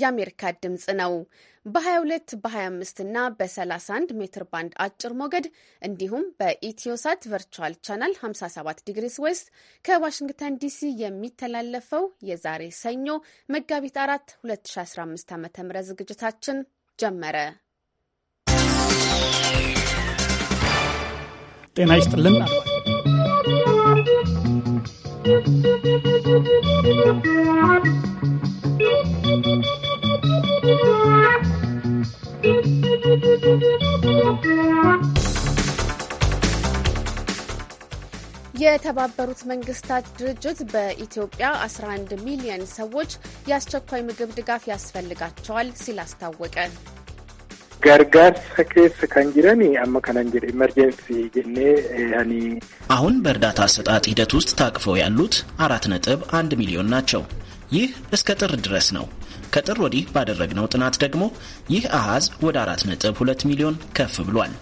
የአሜሪካ ድምፅ ነው። በ22 በ25 እና በ31 ሜትር ባንድ አጭር ሞገድ እንዲሁም በኢትዮሳት ቨርቹዋል ቻናል 57 ዲግሪስ ዌስት ከዋሽንግተን ዲሲ የሚተላለፈው የዛሬ ሰኞ መጋቢት 4 2015 ዓ ም ዝግጅታችን ጀመረ። ጤና ይስጥልን። Thank you. የተባበሩት መንግስታት ድርጅት በኢትዮጵያ 11 ሚሊዮን ሰዎች የአስቸኳይ ምግብ ድጋፍ ያስፈልጋቸዋል ሲል አስታወቀ። አሁን በእርዳታ አሰጣጥ ሂደት ውስጥ ታቅፈው ያሉት አራት ነጥብ አንድ ሚሊዮን ናቸው። ይህ እስከ ጥር ድረስ ነው። ከጥር ወዲህ ባደረግነው ጥናት ደግሞ ይህ አሃዝ ወደ 4.2 ሚሊዮን ከፍ ብሏል።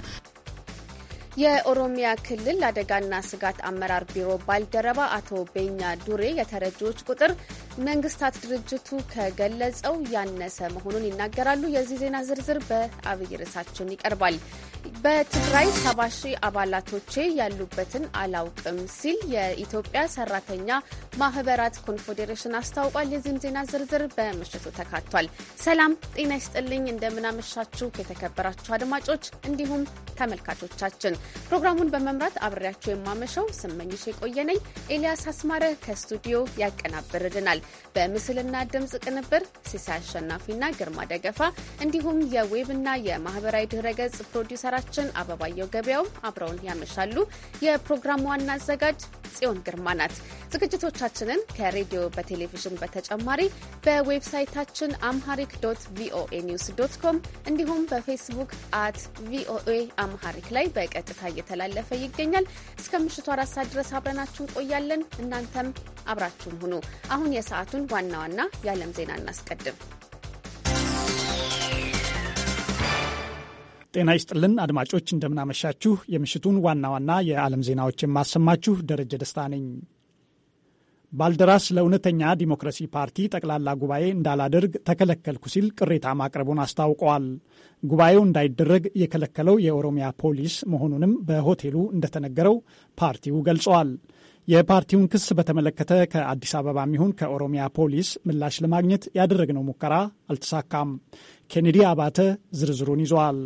የኦሮሚያ ክልል አደጋና ስጋት አመራር ቢሮ ባልደረባ አቶ ቤኛ ዱሬ የተረጂዎች ቁጥር መንግስታት ድርጅቱ ከገለጸው ያነሰ መሆኑን ይናገራሉ። የዚህ ዜና ዝርዝር በአብይ ርዕሳችን ይቀርባል። በትግራይ ሰባ ሺህ አባላቶቼ ያሉበትን አላውቅም ሲል የኢትዮጵያ ሰራተኛ ማህበራት ኮንፌዴሬሽን አስታውቋል። የዚህም ዜና ዝርዝር በምሽቱ ተካቷል። ሰላም ጤና ይስጥልኝ። እንደምናመሻችሁ የተከበራችሁ አድማጮች እንዲሁም ተመልካቾቻችን ፕሮግራሙን በመምራት አብሬያቸው የማመሸው ስመኝሽ የቆየነኝ። ኤልያስ አስማረ ከስቱዲዮ ያቀናብርልናል። በምስልና ድምፅ ቅንብር ሲሳይ አሸናፊና ግርማ ደገፋ እንዲሁም የዌብና የማህበራዊ ገጽ ፕሮዲውሰራችን አበባየው ገበያው አብረውን ያመሻሉ። የፕሮግራሙ ዋና አዘጋጅ ጽዮን ግርማ ናት። ዝግጅቶቻችንን ከሬዲዮ በቴሌቪዥን በተጨማሪ በዌብሳይታችን አምሃሪክ ዶት ቪኦኤ ኒውስ ዶት ኮም እንዲሁም በፌስቡክ አት ቪኦኤ አምሃሪክ ላይ በቀጥታ እየተላለፈ ይገኛል። እስከ ምሽቱ አራት ሰዓት ድረስ አብረናችሁ እንቆያለን። እናንተም አብራችሁን ሁኑ። አሁን የሰዓቱን ዋና ዋና የዓለም ዜና እናስቀድም። ጤና ይስጥልን አድማጮች፣ እንደምናመሻችሁ። የምሽቱን ዋና ዋና የዓለም ዜናዎች የማሰማችሁ ደረጀ ደስታ ነኝ። ባልደራስ ለእውነተኛ ዲሞክራሲ ፓርቲ ጠቅላላ ጉባኤ እንዳላደርግ ተከለከልኩ ሲል ቅሬታ ማቅረቡን አስታውቀዋል። ጉባኤው እንዳይደረግ የከለከለው የኦሮሚያ ፖሊስ መሆኑንም በሆቴሉ እንደተነገረው ፓርቲው ገልጿል። የፓርቲውን ክስ በተመለከተ ከአዲስ አበባ የሚሆን ከኦሮሚያ ፖሊስ ምላሽ ለማግኘት ያደረግነው ሙከራ አልተሳካም። ኬኔዲ አባተ ዝርዝሩን ይዘዋል።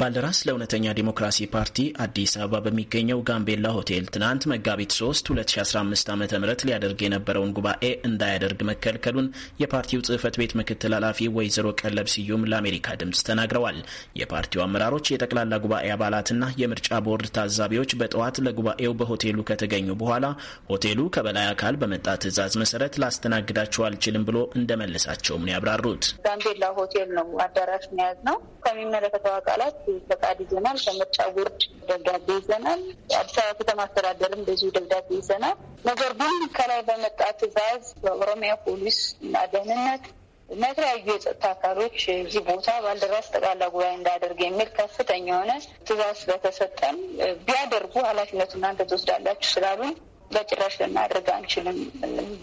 ባልደራስ ለእውነተኛ ዲሞክራሲ ፓርቲ አዲስ አበባ በሚገኘው ጋምቤላ ሆቴል ትናንት መጋቢት 3 2015 ዓ ም ሊያደርግ የነበረውን ጉባኤ እንዳያደርግ መከልከሉን የፓርቲው ጽህፈት ቤት ምክትል ኃላፊ ወይዘሮ ቀለብ ስዩም ለአሜሪካ ድምፅ ተናግረዋል። የፓርቲው አመራሮች፣ የጠቅላላ ጉባኤ አባላትና የምርጫ ቦርድ ታዛቢዎች በጠዋት ለጉባኤው በሆቴሉ ከተገኙ በኋላ ሆቴሉ ከበላይ አካል በመጣ ትዕዛዝ መሰረት ላስተናግዳቸው አልችልም ብሎ እንደመለሳቸውም ነው ያብራሩት። ጋምቤላ ሆቴል ነው አዳራሽ መያዝ ነው ከሚመለከተው አካላት ፈቃድ ይዘናል። ከምርጫ ቦርድ ደብዳቤ ይዘናል። አዲስ አበባ ከተማ አስተዳደርም እንደዚሁ ደብዳቤ ይዘናል። ነገር ግን ከላይ በመጣ ትዕዛዝ በኦሮሚያ ፖሊስ እና ደህንነት እና የተለያዩ የጸጥታ አካሎች እዚህ ቦታ ባልደራስ ጠቅላላ ጉባኤ እንዳደርግ የሚል ከፍተኛ የሆነ ትዕዛዝ ስለተሰጠን ቢያደርጉ ኃላፊነቱ እናንተ ትወስዳላችሁ ስላሉን በጭራሽ ልናደርግ አንችልም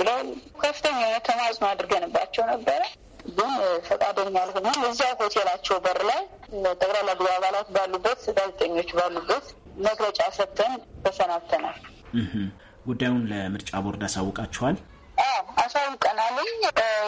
ብለው ከፍተኛ የሆነ ተማጽኖ አድርገንባቸው ነበረ። ግን ፈቃደኛ አልሆነም። እዚያ ሆቴላቸው በር ላይ ጠቅላላ ጉባኤ አባላት ባሉበት፣ ጋዜጠኞች ባሉበት መግለጫ ሰጥተን ተሰናብተናል። ጉዳዩን ለምርጫ ቦርድ አሳውቃችኋል? አሳውቀናልኝ።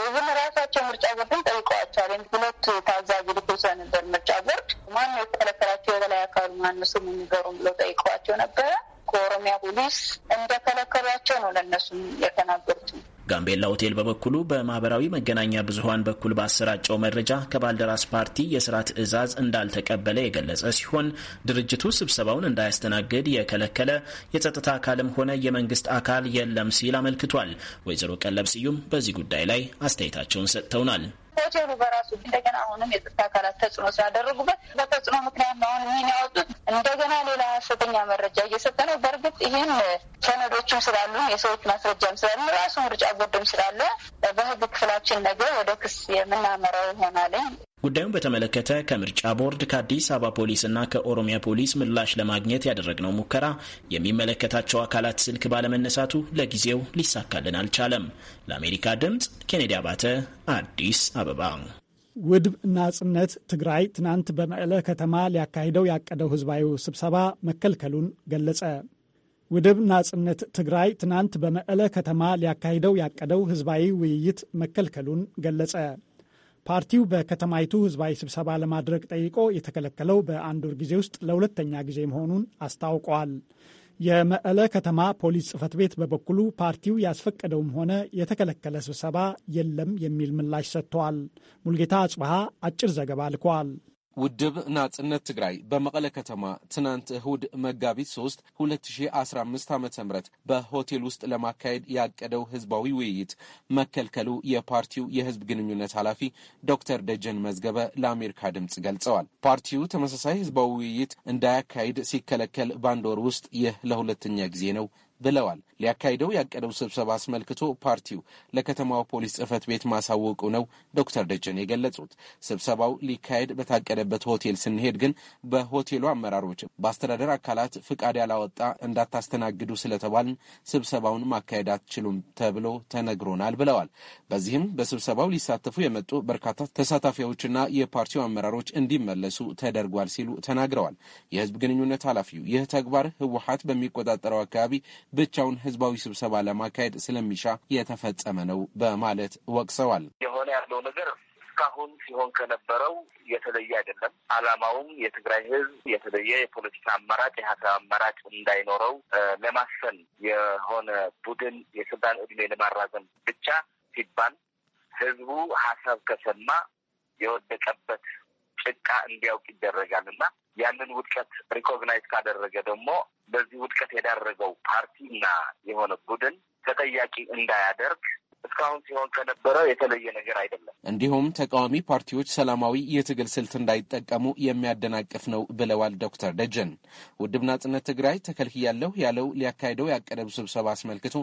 ይህን ራሳቸው ምርጫ ቦርድን ጠይቀዋቸዋል። ሁለት ታዛቢ ልኮሰ ነበር ምርጫ ቦርድ ማን የከለከላቸው የበላይ አካሉ ማነው ስም የሚገሩም ብለው ጠይቀዋቸው ነበረ። ከኦሮሚያ ፖሊስ እንደከለከሏቸው ነው ለእነሱም የተናገሩትም ጋምቤላ ሆቴል በበኩሉ በማህበራዊ መገናኛ ብዙሀን በኩል ባሰራጨው መረጃ ከባልደራስ ፓርቲ የስራ ትዕዛዝ እንዳልተቀበለ የገለጸ ሲሆን ድርጅቱ ስብሰባውን እንዳያስተናግድ የከለከለ የጸጥታ አካልም ሆነ የመንግስት አካል የለም ሲል አመልክቷል። ወይዘሮ ቀለብ ስዩም በዚህ ጉዳይ ላይ አስተያየታቸውን ሰጥተውናል። ሆቴሉ በራሱ እንደገና አሁንም የጸጥታ አካላት ተጽዕኖ ስላደረጉበት በተጽዕኖ ምክንያት ነው አሁን ይህን ያወጡት። እንደገና ሌላ ሀሰተኛ መረጃ እየሰጠ ነው። በእርግጥ ይህን ሰነዶችም ስላሉ የሰዎች ማስረጃም ስላሉ ራሱ ምርጫ ቦርድም ስላለ በህግ ክፍላችን ነገ ወደ ክስ የምናመራው ይሆናለኝ። ጉዳዩን በተመለከተ ከምርጫ ቦርድ ከአዲስ አበባ ፖሊስና ከኦሮሚያ ፖሊስ ምላሽ ለማግኘት ያደረግነው ሙከራ የሚመለከታቸው አካላት ስልክ ባለመነሳቱ ለጊዜው ሊሳካልን አልቻለም። ለአሜሪካ ድምፅ ኬኔዲ አባተ አዲስ አበባ። ውድብ ናጽነት ትግራይ ትናንት በመቀለ ከተማ ሊያካሂደው ያቀደው ህዝባዊ ስብሰባ መከልከሉን ገለጸ። ውድብ ናጽነት ትግራይ ትናንት በመቀለ ከተማ ሊያካሂደው ያቀደው ህዝባዊ ውይይት መከልከሉን ገለጸ። ፓርቲው በከተማይቱ ህዝባዊ ስብሰባ ለማድረግ ጠይቆ የተከለከለው በአንድ ወር ጊዜ ውስጥ ለሁለተኛ ጊዜ መሆኑን አስታውቀዋል። የመቀለ ከተማ ፖሊስ ጽህፈት ቤት በበኩሉ ፓርቲው ያስፈቀደውም ሆነ የተከለከለ ስብሰባ የለም የሚል ምላሽ ሰጥተዋል። ሙልጌታ አጽበሃ አጭር ዘገባ ልከዋል። ውድብ ናጽነት ትግራይ በመቀለ ከተማ ትናንት እሁድ መጋቢት 3 2015 ዓ ም በሆቴል ውስጥ ለማካሄድ ያቀደው ህዝባዊ ውይይት መከልከሉ የፓርቲው የህዝብ ግንኙነት ኃላፊ ዶክተር ደጀን መዝገበ ለአሜሪካ ድምፅ ገልጸዋል። ፓርቲው ተመሳሳይ ህዝባዊ ውይይት እንዳያካሂድ ሲከለከል በአንድ ወር ውስጥ ይህ ለሁለተኛ ጊዜ ነው ብለዋል። ሊያካሂደው ያቀደው ስብሰባ አስመልክቶ ፓርቲው ለከተማው ፖሊስ ጽህፈት ቤት ማሳወቁ ነው ዶክተር ደጀን የገለጹት። ስብሰባው ሊካሄድ በታቀደበት ሆቴል ስንሄድ ግን በሆቴሉ አመራሮች በአስተዳደር አካላት ፍቃድ ያላወጣ እንዳታስተናግዱ ስለተባልን ስብሰባውን ማካሄድ አትችሉም ተብሎ ተነግሮናል ብለዋል። በዚህም በስብሰባው ሊሳተፉ የመጡ በርካታ ተሳታፊዎችና የፓርቲው አመራሮች እንዲመለሱ ተደርጓል ሲሉ ተናግረዋል። የህዝብ ግንኙነት ኃላፊው ይህ ተግባር ህወሀት በሚቆጣጠረው አካባቢ ብቻውን ህዝባዊ ስብሰባ ለማካሄድ ስለሚሻ የተፈጸመ ነው በማለት ወቅሰዋል። የሆነ ያለው ነገር እስካሁን ሲሆን ከነበረው የተለየ አይደለም። ዓላማውም የትግራይ ህዝብ የተለየ የፖለቲካ አማራጭ የሀሳብ አማራጭ እንዳይኖረው ለማሰን የሆነ ቡድን የስልጣን እድሜ ለማራዘም ብቻ ሲባል ህዝቡ ሀሳብ ከሰማ የወደቀበት ጭቃ እንዲያውቅ ይደረጋል እና ያንን ውድቀት ሪኮግናይዝ ካደረገ ደግሞ በዚህ ውድቀት የዳረገው ፓርቲና የሆነ ቡድን ተጠያቂ እንዳያደርግ እስካሁን ሲሆን ከነበረ የተለየ ነገር አይደለም። እንዲሁም ተቃዋሚ ፓርቲዎች ሰላማዊ የትግል ስልት እንዳይጠቀሙ የሚያደናቅፍ ነው ብለዋል ዶክተር ደጀን። ውድብ ናጽነት ትግራይ ተከልክያለሁ ያለው ሊያካሄደው ያቀደው ስብሰባ አስመልክቶ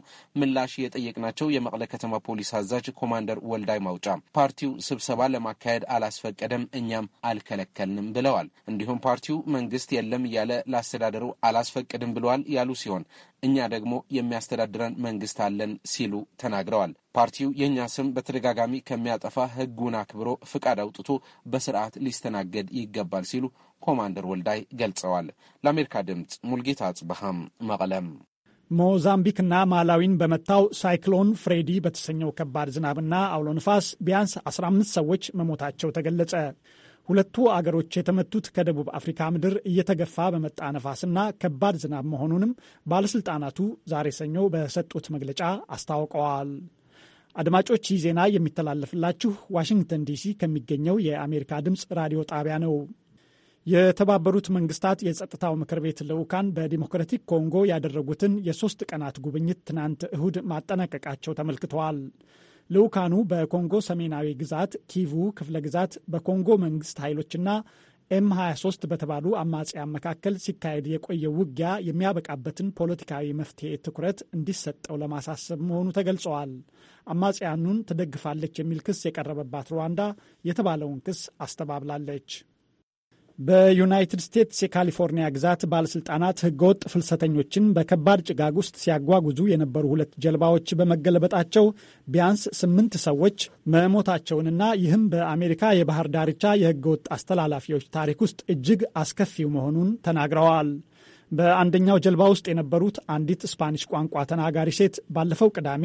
ምላሽ የጠየቅናቸው የመቀለ ከተማ ፖሊስ አዛዥ ኮማንደር ወልዳይ ማውጫ ፓርቲው ስብሰባ ለማካሄድ አላስፈቀደም፣ እኛም አልከለከልንም ብለዋል። እንዲሁም ፓርቲው መንግስት የለም እያለ ላስተዳደሩ አላስፈቅድም ብለዋል ያሉ ሲሆን እኛ ደግሞ የሚያስተዳድረን መንግስት አለን ሲሉ ተናግረዋል። ፓርቲው የእኛ ስም በተደጋጋሚ ከሚያጠፋ ሕጉን አክብሮ ፍቃድ አውጥቶ በስርዓት ሊስተናገድ ይገባል ሲሉ ኮማንደር ወልዳይ ገልጸዋል። ለአሜሪካ ድምፅ ሙልጌታ አጽበሃም መቀለም። ሞዛምቢክና ማላዊን በመታው ሳይክሎን ፍሬዲ በተሰኘው ከባድ ዝናብና አውሎ ንፋስ ቢያንስ 15 ሰዎች መሞታቸው ተገለጸ። ሁለቱ አገሮች የተመቱት ከደቡብ አፍሪካ ምድር እየተገፋ በመጣ ነፋስና ከባድ ዝናብ መሆኑንም ባለስልጣናቱ ዛሬ ሰኞ በሰጡት መግለጫ አስታውቀዋል። አድማጮች ይህ ዜና የሚተላለፍላችሁ ዋሽንግተን ዲሲ ከሚገኘው የአሜሪካ ድምፅ ራዲዮ ጣቢያ ነው። የተባበሩት መንግስታት የጸጥታው ምክር ቤት ልዑካን በዲሞክራቲክ ኮንጎ ያደረጉትን የሶስት ቀናት ጉብኝት ትናንት እሁድ ማጠናቀቃቸው ተመልክተዋል። ልዑካኑ በኮንጎ ሰሜናዊ ግዛት ኪቩ ክፍለ ግዛት በኮንጎ መንግስት ኃይሎችና ኤም 23 በተባሉ አማጽያን መካከል ሲካሄድ የቆየው ውጊያ የሚያበቃበትን ፖለቲካዊ መፍትሄ ትኩረት እንዲሰጠው ለማሳሰብ መሆኑ ተገልጸዋል። አማጽያኑን ትደግፋለች የሚል ክስ የቀረበባት ሩዋንዳ የተባለውን ክስ አስተባብላለች። በዩናይትድ ስቴትስ የካሊፎርኒያ ግዛት ባለሥልጣናት ህገወጥ ፍልሰተኞችን በከባድ ጭጋግ ውስጥ ሲያጓጉዙ የነበሩ ሁለት ጀልባዎች በመገለበጣቸው ቢያንስ ስምንት ሰዎች መሞታቸውንና ይህም በአሜሪካ የባህር ዳርቻ የህገወጥ አስተላላፊዎች ታሪክ ውስጥ እጅግ አስከፊው መሆኑን ተናግረዋል። በአንደኛው ጀልባ ውስጥ የነበሩት አንዲት ስፓኒሽ ቋንቋ ተናጋሪ ሴት ባለፈው ቅዳሜ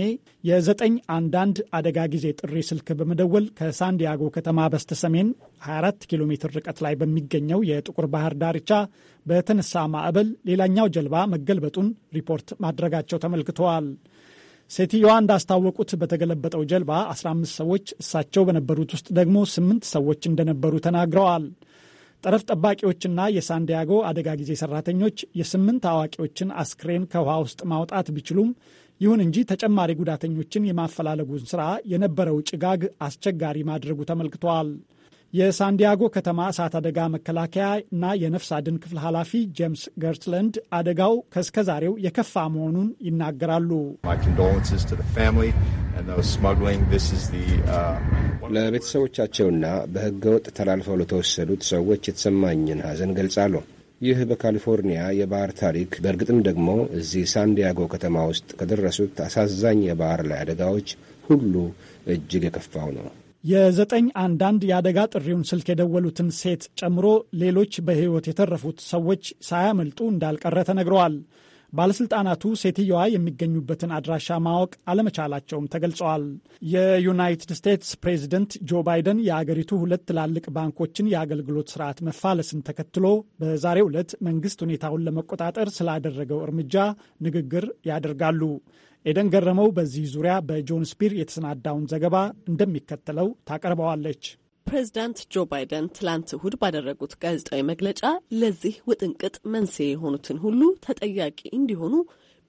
የዘጠኝ አንዳንድ አደጋ ጊዜ ጥሪ ስልክ በመደወል ከሳንዲያጎ ከተማ በስተሰሜን 24 ኪሎ ሜትር ርቀት ላይ በሚገኘው የጥቁር ባህር ዳርቻ በተነሳ ማዕበል ሌላኛው ጀልባ መገልበጡን ሪፖርት ማድረጋቸው ተመልክተዋል። ሴትዮዋ እንዳስታወቁት በተገለበጠው ጀልባ 15 ሰዎች፣ እሳቸው በነበሩት ውስጥ ደግሞ ስምንት ሰዎች እንደነበሩ ተናግረዋል። ጠረፍ ጠባቂዎችና የሳንዲያጎ አደጋ ጊዜ ሰራተኞች የስምንት አዋቂዎችን አስክሬን ከውሃ ውስጥ ማውጣት ቢችሉም ይሁን እንጂ ተጨማሪ ጉዳተኞችን የማፈላለጉን ስራ የነበረው ጭጋግ አስቸጋሪ ማድረጉ ተመልክተዋል። የሳንዲያጎ ከተማ እሳት አደጋ መከላከያ እና የነፍስ አድን ክፍል ኃላፊ ጄምስ ገርትለንድ አደጋው ከእስከዛሬው የከፋ መሆኑን ይናገራሉ። uh, ለቤተሰቦቻቸውና ወጥ ተላልፈው ለተወሰዱት ሰዎች የተሰማኝን ሐዘን ገልጻለሁ። ይህ በካሊፎርኒያ የባህር ታሪክ በእርግጥም ደግሞ እዚህ ሳንዲያጎ ከተማ ውስጥ ከደረሱት አሳዛኝ የባህር ላይ አደጋዎች ሁሉ እጅግ የከፋው ነው። የዘጠኝ አንዳንድ የአደጋ ጥሪውን ስልክ የደወሉትን ሴት ጨምሮ ሌሎች በሕይወት የተረፉት ሰዎች ሳያመልጡ እንዳልቀረ ተነግረዋል። ባለሥልጣናቱ ሴትየዋ የሚገኙበትን አድራሻ ማወቅ አለመቻላቸውም ተገልጸዋል። የዩናይትድ ስቴትስ ፕሬዚደንት ጆ ባይደን የአገሪቱ ሁለት ትላልቅ ባንኮችን የአገልግሎት ስርዓት መፋለስን ተከትሎ በዛሬው ዕለት መንግሥት ሁኔታውን ለመቆጣጠር ስላደረገው እርምጃ ንግግር ያደርጋሉ። ኤደን ገረመው በዚህ ዙሪያ በጆን ስፒር የተሰናዳውን ዘገባ እንደሚከተለው ታቀርበዋለች። ፕሬዚዳንት ጆ ባይደን ትላንት እሁድ ባደረጉት ጋዜጣዊ መግለጫ ለዚህ ውጥንቅጥ መንስኤ የሆኑትን ሁሉ ተጠያቂ እንዲሆኑ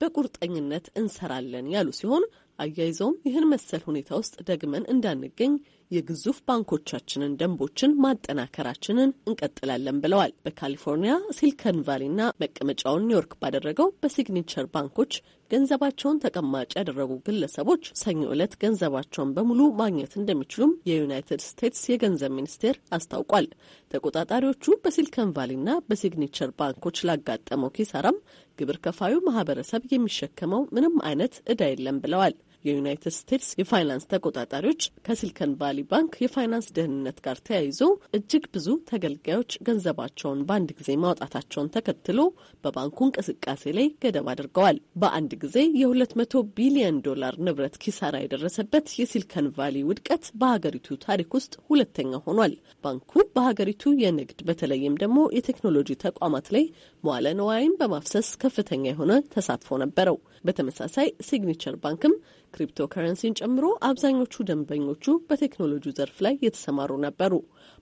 በቁርጠኝነት እንሰራለን ያሉ ሲሆን አያይዘውም ይህን መሰል ሁኔታ ውስጥ ደግመን እንዳንገኝ የግዙፍ ባንኮቻችንን ደንቦችን ማጠናከራችንን እንቀጥላለን ብለዋል። በካሊፎርኒያ ሲሊከን ቫሊና መቀመጫውን ኒውዮርክ ባደረገው በሲግኒቸር ባንኮች ገንዘባቸውን ተቀማጭ ያደረጉ ግለሰቦች ሰኞ ዕለት ገንዘባቸውን በሙሉ ማግኘት እንደሚችሉም የዩናይትድ ስቴትስ የገንዘብ ሚኒስቴር አስታውቋል። ተቆጣጣሪዎቹ በሲሊከን ቫሊና በሲግኒቸር ባንኮች ላጋጠመው ኪሳራም ግብር ከፋዩ ማህበረሰብ የሚሸከመው ምንም አይነት እዳ የለም ብለዋል። የዩናይትድ ስቴትስ የፋይናንስ ተቆጣጣሪዎች ከሲልከን ቫሊ ባንክ የፋይናንስ ደህንነት ጋር ተያይዞ እጅግ ብዙ ተገልጋዮች ገንዘባቸውን በአንድ ጊዜ ማውጣታቸውን ተከትሎ በባንኩ እንቅስቃሴ ላይ ገደብ አድርገዋል። በአንድ ጊዜ የ200 ቢሊዮን ዶላር ንብረት ኪሳራ የደረሰበት የሲልከን ቫሊ ውድቀት በሀገሪቱ ታሪክ ውስጥ ሁለተኛ ሆኗል። ባንኩ በሀገሪቱ የንግድ በተለይም ደግሞ የቴክኖሎጂ ተቋማት ላይ መዋለ ንዋይን በማፍሰስ ከፍተኛ የሆነ ተሳትፎ ነበረው። በተመሳሳይ ሲግኒቸር ባንክም ክሪፕቶ ከረንሲን ጨምሮ አብዛኞቹ ደንበኞቹ በቴክኖሎጂው ዘርፍ ላይ የተሰማሩ ነበሩ።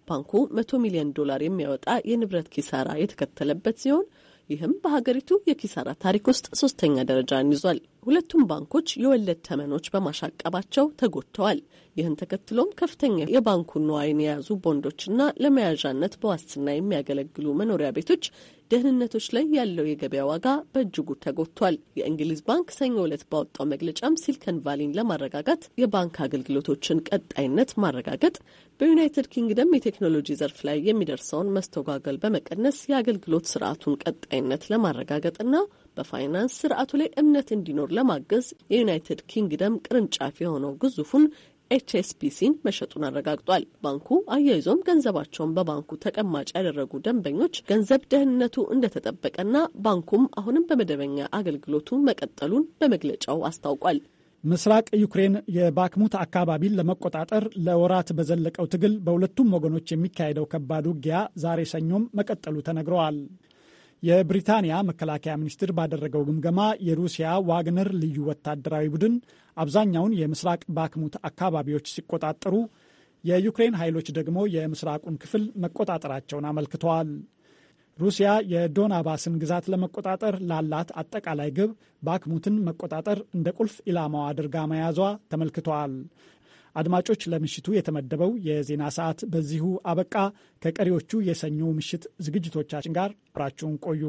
ባንኩ መቶ ሚሊዮን ዶላር የሚያወጣ የንብረት ኪሳራ የተከተለበት ሲሆን ይህም በሀገሪቱ የኪሳራ ታሪክ ውስጥ ሶስተኛ ደረጃን ይዟል። ሁለቱም ባንኮች የወለድ ተመኖች በማሻቀባቸው ተጎድተዋል። ይህን ተከትሎም ከፍተኛ የባንኩን ነዋይን የያዙ ቦንዶችና ለመያዣነት በዋስትና የሚያገለግሉ መኖሪያ ቤቶች ደህንነቶች ላይ ያለው የገበያ ዋጋ በእጅጉ ተጎድቷል። የእንግሊዝ ባንክ ሰኞ ዕለት ባወጣው መግለጫም ሲሊከን ቫሊን ለማረጋጋት የባንክ አገልግሎቶችን ቀጣይነት ማረጋገጥ፣ በዩናይትድ ኪንግደም የቴክኖሎጂ ዘርፍ ላይ የሚደርሰውን መስተጓገል በመቀነስ የአገልግሎት ስርዓቱን ቀጣይነት ለማረጋገጥና በፋይናንስ ስርዓቱ ላይ እምነት እንዲኖር ለማገዝ የዩናይትድ ኪንግደም ቅርንጫፍ የሆነው ግዙፉን ኤችኤስቢሲን መሸጡን አረጋግጧል። ባንኩ አያይዞም ገንዘባቸውን በባንኩ ተቀማጭ ያደረጉ ደንበኞች ገንዘብ ደህንነቱ እንደተጠበቀና ባንኩም አሁንም በመደበኛ አገልግሎቱ መቀጠሉን በመግለጫው አስታውቋል። ምስራቅ ዩክሬን የባክሙት አካባቢን ለመቆጣጠር ለወራት በዘለቀው ትግል በሁለቱም ወገኖች የሚካሄደው ከባድ ውጊያ ዛሬ ሰኞም መቀጠሉ ተነግረዋል። የብሪታንያ መከላከያ ሚኒስትር ባደረገው ግምገማ የሩሲያ ዋግነር ልዩ ወታደራዊ ቡድን አብዛኛውን የምስራቅ ባክሙት አካባቢዎች ሲቆጣጠሩ፣ የዩክሬን ኃይሎች ደግሞ የምስራቁን ክፍል መቆጣጠራቸውን አመልክተዋል። ሩሲያ የዶናባስን ግዛት ለመቆጣጠር ላላት አጠቃላይ ግብ ባክሙትን መቆጣጠር እንደ ቁልፍ ኢላማዋ አድርጋ መያዟ ተመልክተዋል። አድማጮች፣ ለምሽቱ የተመደበው የዜና ሰዓት በዚሁ አበቃ። ከቀሪዎቹ የሰኞ ምሽት ዝግጅቶቻችን ጋር አብራችሁን ቆዩ።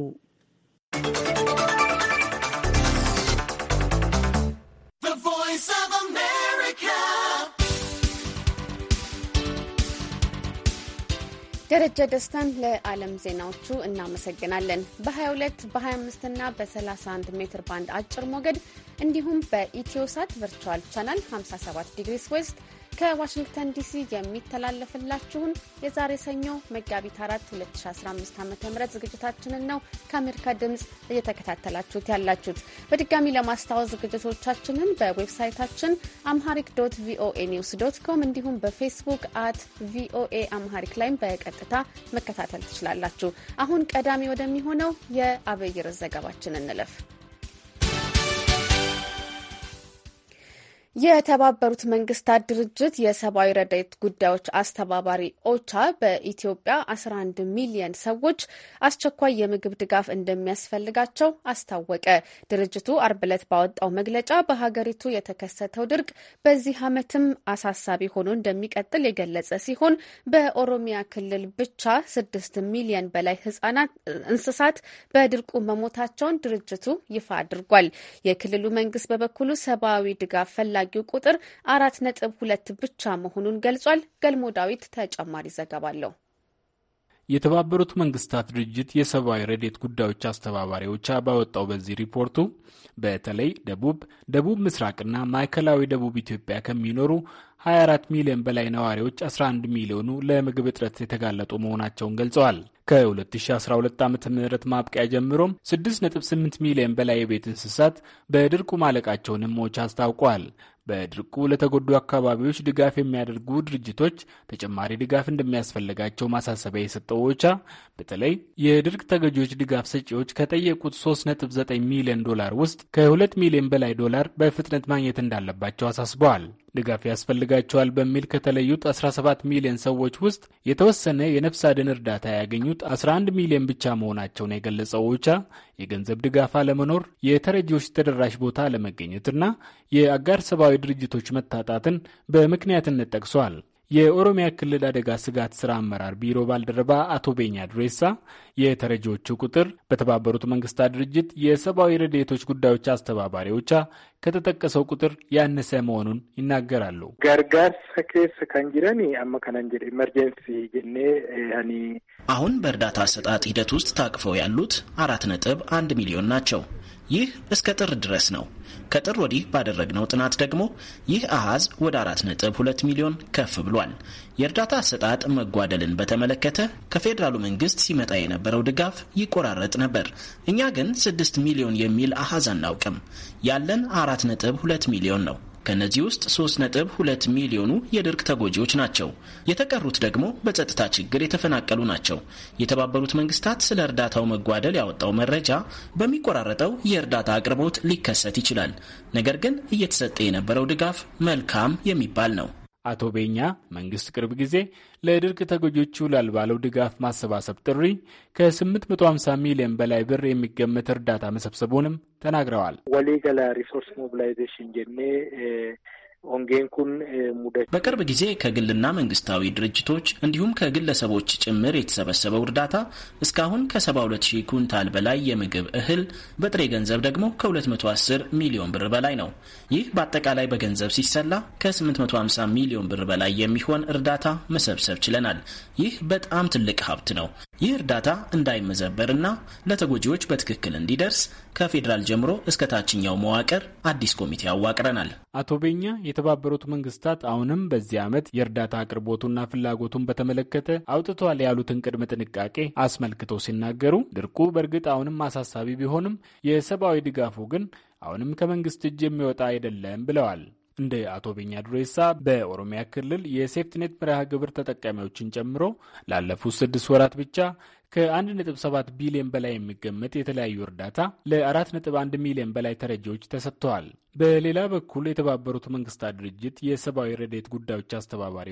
ደረጀ ደስታን ለዓለም ዜናዎቹ እናመሰግናለን። በ22 በ25ና በ31 ሜትር ባንድ አጭር ሞገድ እንዲሁም በኢትዮሳት ቨርቹዋል ቻናል 57 ዲግሪስ ዌስት ከዋሽንግተን ዲሲ የሚተላለፍላችሁን የዛሬ ሰኞ መጋቢት 4 2015 ዓ ም ዝግጅታችንን ነው ከአሜሪካ ድምፅ እየተከታተላችሁት ያላችሁት። በድጋሚ ለማስታወስ ዝግጅቶቻችንን በዌብሳይታችን አምሃሪክ ዶት ቪኦኤ ኒውስ ዶት ኮም እንዲሁም በፌስቡክ አት ቪኦኤ አምሃሪክ ላይም በቀጥታ መከታተል ትችላላችሁ። አሁን ቀዳሚ ወደሚሆነው የአብይር ዘገባችን እንለፍ። የተባበሩት መንግስታት ድርጅት የሰብአዊ ረዳት ጉዳዮች አስተባባሪ ኦቻ በኢትዮጵያ 11 ሚሊየን ሰዎች አስቸኳይ የምግብ ድጋፍ እንደሚያስፈልጋቸው አስታወቀ። ድርጅቱ አርብ ዕለት ባወጣው መግለጫ በሀገሪቱ የተከሰተው ድርቅ በዚህ ዓመትም አሳሳቢ ሆኖ እንደሚቀጥል የገለጸ ሲሆን በኦሮሚያ ክልል ብቻ 6 ሚሊየን በላይ ህጻናት፣ እንስሳት በድርቁ መሞታቸውን ድርጅቱ ይፋ አድርጓል። የክልሉ መንግስት በበኩሉ ሰብአዊ ድጋፍ ፈላ ተፈላጊው ቁጥር አራት ነጥብ ሁለት ብቻ መሆኑን ገልጿል። ገልሞ ዳዊት ተጨማሪ ዘገባ አለው። የተባበሩት መንግስታት ድርጅት የሰብአዊ ረዴት ጉዳዮች አስተባባሪዎች ባወጣው በዚህ ሪፖርቱ በተለይ ደቡብ፣ ደቡብ ምስራቅና ማዕከላዊ ደቡብ ኢትዮጵያ ከሚኖሩ 24 ሚሊዮን በላይ ነዋሪዎች 11 ሚሊዮኑ ለምግብ እጥረት የተጋለጡ መሆናቸውን ገልጸዋል። ከ2012 ዓ ም ማብቂያ ጀምሮም 6.8 ሚሊዮን በላይ የቤት እንስሳት በድርቁ ማለቃቸውንም ሞች አስታውቋል። በድርቁ ለተጎዱ አካባቢዎች ድጋፍ የሚያደርጉ ድርጅቶች ተጨማሪ ድጋፍ እንደሚያስፈልጋቸው ማሳሰቢያ የሰጠው ኦቻ በተለይ የድርቅ ተጎጂዎች ድጋፍ ሰጪዎች ከጠየቁት 3.9 ሚሊዮን ዶላር ውስጥ ከ2 ሚሊዮን በላይ ዶላር በፍጥነት ማግኘት እንዳለባቸው አሳስበዋል። ድጋፍ ያስፈልጋቸዋል በሚል ከተለዩት 17 ሚሊዮን ሰዎች ውስጥ የተወሰነ የነፍስ አድን እርዳታ ያገኙት 11 ሚሊዮን ብቻ መሆናቸውን የገለጸው ኦቻ የገንዘብ ድጋፍ አለመኖር፣ የተረጂዎች ተደራሽ ቦታ አለመገኘትና የአጋር ሰብአዊ ድርጅቶች መታጣትን በምክንያትነት ጠቅሷል። የኦሮሚያ ክልል አደጋ ስጋት ስራ አመራር ቢሮ ባልደረባ አቶ ቤኛ ድሬሳ የተረጂዎቹ ቁጥር በተባበሩት መንግስታት ድርጅት የሰብአዊ ረድኤቶች ጉዳዮች አስተባባሪዎቿ ከተጠቀሰው ቁጥር ያነሰ መሆኑን ይናገራሉ። ጋርጋርሳ ኬስ ከንጅረን አማ ከነን ጀ አሁን በእርዳታ አሰጣጥ ሂደት ውስጥ ታቅፈው ያሉት አራት ነጥብ አንድ ሚሊዮን ናቸው። ይህ እስከ ጥር ድረስ ነው። ከጥር ወዲህ ባደረግነው ጥናት ደግሞ ይህ አሃዝ ወደ 4.2 ሚሊዮን ከፍ ብሏል። የእርዳታ አሰጣጥ መጓደልን በተመለከተ ከፌዴራሉ መንግስት ሲመጣ የነበረው ድጋፍ ይቆራረጥ ነበር። እኛ ግን 6 ሚሊዮን የሚል አሃዝ አናውቅም። ያለን 4.2 ሚሊዮን ነው። ከእነዚህ ውስጥ 3.2 ሚሊዮኑ የድርቅ ተጎጂዎች ናቸው። የተቀሩት ደግሞ በጸጥታ ችግር የተፈናቀሉ ናቸው። የተባበሩት መንግስታት ስለ እርዳታው መጓደል ያወጣው መረጃ በሚቆራረጠው የእርዳታ አቅርቦት ሊከሰት ይችላል፣ ነገር ግን እየተሰጠ የነበረው ድጋፍ መልካም የሚባል ነው። አቶ ቤኛ መንግስት ቅርብ ጊዜ ለድርቅ ተጎጆቹ ላልባለው ድጋፍ ማሰባሰብ ጥሪ ከ850 ሚሊዮን በላይ ብር የሚገመት እርዳታ መሰብሰቡንም ተናግረዋል። ወሊገላ ሪሶርስ ሞቢላይዜሽን ጀኔ በቅርብ ጊዜ ከግልና መንግስታዊ ድርጅቶች እንዲሁም ከግለሰቦች ጭምር የተሰበሰበው እርዳታ እስካሁን ከ72 ሺህ ኩንታል በላይ የምግብ እህል፣ በጥሬ ገንዘብ ደግሞ ከ210 ሚሊዮን ብር በላይ ነው። ይህ በአጠቃላይ በገንዘብ ሲሰላ ከ850 ሚሊዮን ብር በላይ የሚሆን እርዳታ መሰብሰብ ችለናል። ይህ በጣም ትልቅ ሀብት ነው። ይህ እርዳታ እንዳይመዘበርና ለተጎጂዎች በትክክል እንዲደርስ ከፌዴራል ጀምሮ እስከ ታችኛው መዋቅር አዲስ ኮሚቴ አዋቅረናል። አቶ ቤኛ የተባበሩት መንግስታት አሁንም በዚህ ዓመት የእርዳታ አቅርቦቱና ፍላጎቱን በተመለከተ አውጥቷል ያሉትን ቅድመ ጥንቃቄ አስመልክተው ሲናገሩ ድርቁ በእርግጥ አሁንም አሳሳቢ ቢሆንም የሰብአዊ ድጋፉ ግን አሁንም ከመንግስት እጅ የሚወጣ አይደለም ብለዋል። እንደ አቶ ቤኛ ዱሬሳ በኦሮሚያ ክልል የሴፍትኔት መርሃ ግብር ተጠቃሚዎችን ጨምሮ ላለፉት ስድስት ወራት ብቻ ከ1.7 ቢሊዮን በላይ የሚገመት የተለያዩ እርዳታ ለ4.1 ሚሊዮን በላይ ተረጂዎች ተሰጥተዋል። በሌላ በኩል የተባበሩት መንግስታት ድርጅት የሰብአዊ ረዴት ጉዳዮች አስተባባሪ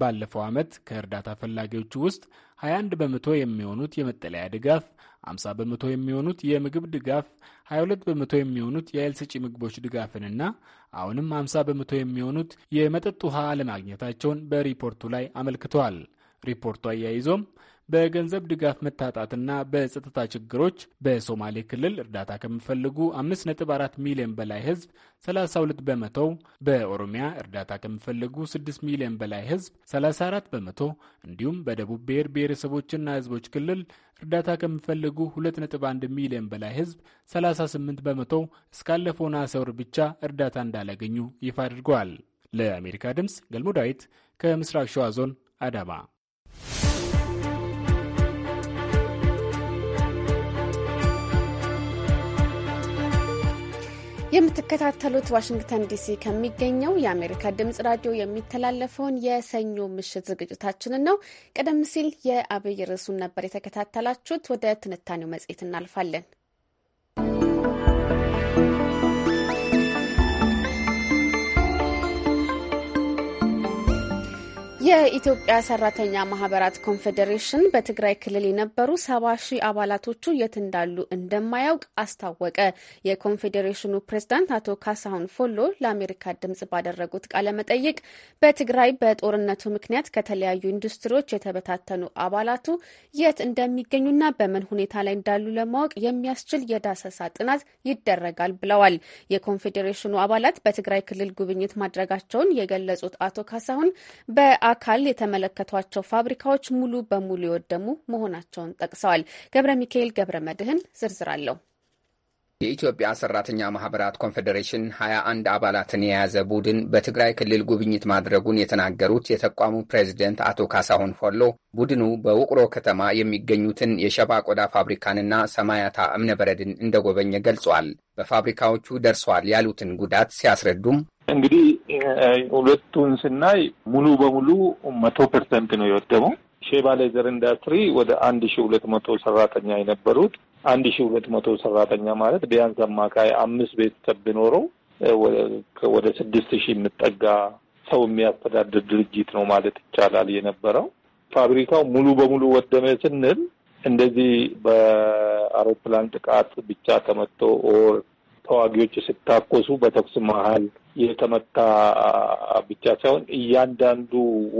ባለፈው ዓመት ከእርዳታ ፈላጊዎች ውስጥ 21 በመቶ የሚሆኑት የመጠለያ ድጋፍ 50 በመቶ የሚሆኑት የምግብ ድጋፍ፣ 22 በመቶ የሚሆኑት የኃይል ሰጪ ምግቦች ድጋፍንና አሁንም 50 በመቶ የሚሆኑት የመጠጥ ውሃ አለማግኘታቸውን በሪፖርቱ ላይ አመልክተዋል። ሪፖርቱ አያይዞም በገንዘብ ድጋፍ መታጣትና በጸጥታ ችግሮች በሶማሌ ክልል እርዳታ ከሚፈልጉ 5.4 ሚሊዮን በላይ ህዝብ 32 በመቶው፣ በኦሮሚያ እርዳታ ከሚፈልጉ 6 ሚሊዮን በላይ ህዝብ 34 በመቶ እንዲሁም በደቡብ ብሔር ብሔረሰቦችና ህዝቦች ክልል እርዳታ ከሚፈልጉ 2.1 ሚሊዮን በላይ ህዝብ 38 በመቶ እስካለፈው ነሐሴ ወር ብቻ እርዳታ እንዳላገኙ ይፋ አድርገዋል። ለአሜሪካ ድምፅ ገልሞ ዳዊት ከምስራቅ ሸዋ ዞን አዳማ የምትከታተሉት ዋሽንግተን ዲሲ ከሚገኘው የአሜሪካ ድምጽ ራዲዮ የሚተላለፈውን የሰኞ ምሽት ዝግጅታችንን ነው። ቀደም ሲል የአብይ ርዕሱን ነበር የተከታተላችሁት። ወደ ትንታኔው መጽሔት እናልፋለን። የኢትዮጵያ ሰራተኛ ማህበራት ኮንፌዴሬሽን በትግራይ ክልል የነበሩ ሰባ ሺህ አባላቶቹ የት እንዳሉ እንደማያውቅ አስታወቀ። የኮንፌዴሬሽኑ ፕሬዝዳንት አቶ ካሳሁን ፎሎ ለአሜሪካ ድምጽ ባደረጉት ቃለ መጠይቅ በትግራይ በጦርነቱ ምክንያት ከተለያዩ ኢንዱስትሪዎች የተበታተኑ አባላቱ የት እንደሚገኙና በምን ሁኔታ ላይ እንዳሉ ለማወቅ የሚያስችል የዳሰሳ ጥናት ይደረጋል ብለዋል። የኮንፌዴሬሽኑ አባላት በትግራይ ክልል ጉብኝት ማድረጋቸውን የገለጹት አቶ ካሳሁን በ በአካል የተመለከቷቸው ፋብሪካዎች ሙሉ በሙሉ የወደሙ መሆናቸውን ጠቅሰዋል። ገብረ ሚካኤል ገብረ መድህን ዝርዝር አለው። የኢትዮጵያ ሰራተኛ ማህበራት ኮንፌዴሬሽን 21 አባላትን የያዘ ቡድን በትግራይ ክልል ጉብኝት ማድረጉን የተናገሩት የተቋሙ ፕሬዚደንት አቶ ካሳሁን ፎሎ ቡድኑ በውቅሮ ከተማ የሚገኙትን የሸባ ቆዳ ፋብሪካንና ሰማያታ እብነበረድን እንደጎበኘ ገልጿል። በፋብሪካዎቹ ደርሷል ያሉትን ጉዳት ሲያስረዱም እንግዲህ ሁለቱን ስናይ ሙሉ በሙሉ መቶ ፐርሰንት ነው የወደመው። ሼባ ሌዘር ኢንዳስትሪ ወደ አንድ ሺ ሁለት መቶ ሰራተኛ የነበሩት አንድ ሺ ሁለት መቶ ሰራተኛ ማለት ቢያንስ አማካይ አምስት ቤተሰብ ቢኖረው ወደ ስድስት ሺህ የሚጠጋ ሰው የሚያስተዳድር ድርጅት ነው ማለት ይቻላል የነበረው። ፋብሪካው ሙሉ በሙሉ ወደመ ስንል እንደዚህ በአውሮፕላን ጥቃት ብቻ ተመቶ ኦር ተዋጊዎች ስታኮሱ በተኩስ መሀል የተመታ ብቻ ሳይሆን እያንዳንዱ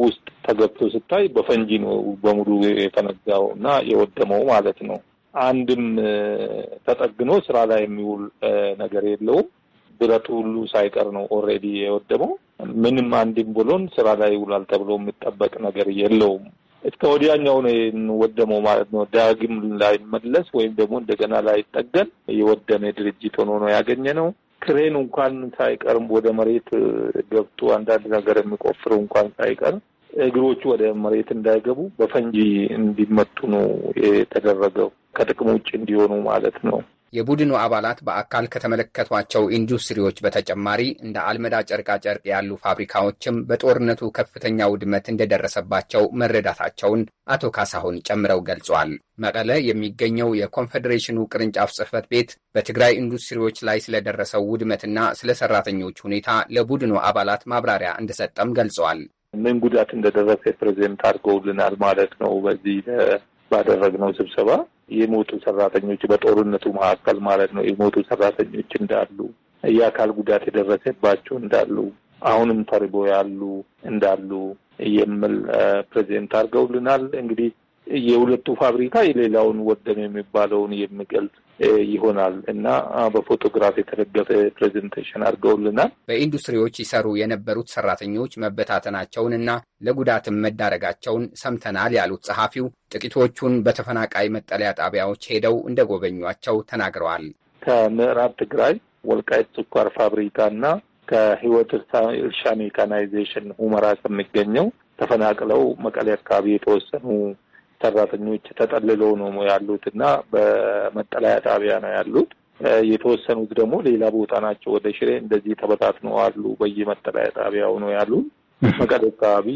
ውስጥ ተገብቶ ስታይ በፈንጂ ነው በሙሉ የተነጋው እና የወደመው ማለት ነው። አንድም ተጠግኖ ስራ ላይ የሚውል ነገር የለውም። ብረቱ ሁሉ ሳይቀር ነው ኦልሬዲ የወደመው። ምንም አንድም ብሎን ስራ ላይ ይውላል ተብሎ የሚጠበቅ ነገር የለውም። እስከ ወዲያኛው ነው የወደመው ማለት ነው። ዳግም ላይመለስ ወይም ደግሞ እንደገና ላይጠገን የወደመ ድርጅት ሆኖ ነው ያገኘ ነው። ክሬን እንኳን ሳይቀርም ወደ መሬት ገብቶ አንዳንድ ነገር የሚቆፍሩ እንኳን ሳይቀር እግሮቹ ወደ መሬት እንዳይገቡ በፈንጂ እንዲመቱ ነው የተደረገው። ከጥቅም ውጭ እንዲሆኑ ማለት ነው። የቡድኑ አባላት በአካል ከተመለከቷቸው ኢንዱስትሪዎች በተጨማሪ እንደ አልመዳ ጨርቃጨርቅ ያሉ ፋብሪካዎችም በጦርነቱ ከፍተኛ ውድመት እንደደረሰባቸው መረዳታቸውን አቶ ካሳሁን ጨምረው ገልጿል። መቀለ የሚገኘው የኮንፌዴሬሽኑ ቅርንጫፍ ጽህፈት ቤት በትግራይ ኢንዱስትሪዎች ላይ ስለደረሰው ውድመትና ስለ ሰራተኞች ሁኔታ ለቡድኑ አባላት ማብራሪያ እንደሰጠም ገልጸዋል። ምን ጉዳት እንደደረሰ ፕሬዚደንት አድርገውልናል ማለት ነው። በዚህ ባደረግነው ስብሰባ የሞቱ ሰራተኞች በጦርነቱ መካከል ማለት ነው የሞቱ ሰራተኞች እንዳሉ፣ የአካል ጉዳት የደረሰባቸው እንዳሉ፣ አሁንም ተርቦ ያሉ እንዳሉ የሚል ፕሬዚደንት አድርገውልናል። እንግዲህ የሁለቱ ፋብሪካ የሌላውን ወደም የሚባለውን የሚገልጽ ይሆናል እና በፎቶግራፍ የተደገፈ ፕሬዘንቴሽን አድርገውልናል። በኢንዱስትሪዎች ይሰሩ የነበሩት ሰራተኞች መበታተናቸውን እና ለጉዳትም መዳረጋቸውን ሰምተናል ያሉት ጸሐፊው ጥቂቶቹን በተፈናቃይ መጠለያ ጣቢያዎች ሄደው እንደጎበኟቸው ተናግረዋል። ከምዕራብ ትግራይ ወልቃይት ስኳር ፋብሪካ እና ከህይወት እርሻ ሜካናይዜሽን ሁመራ ከሚገኘው ተፈናቅለው መቀሌ አካባቢ የተወሰኑ ሰራተኞች ተጠልለው ነው ያሉት እና በመጠለያ ጣቢያ ነው ያሉት። የተወሰኑት ደግሞ ሌላ ቦታ ናቸው። ወደ ሽሬ እንደዚህ ተበታትነው አሉ። በየመጠለያ ጣቢያው ነው ያሉት። መቀሌ አካባቢ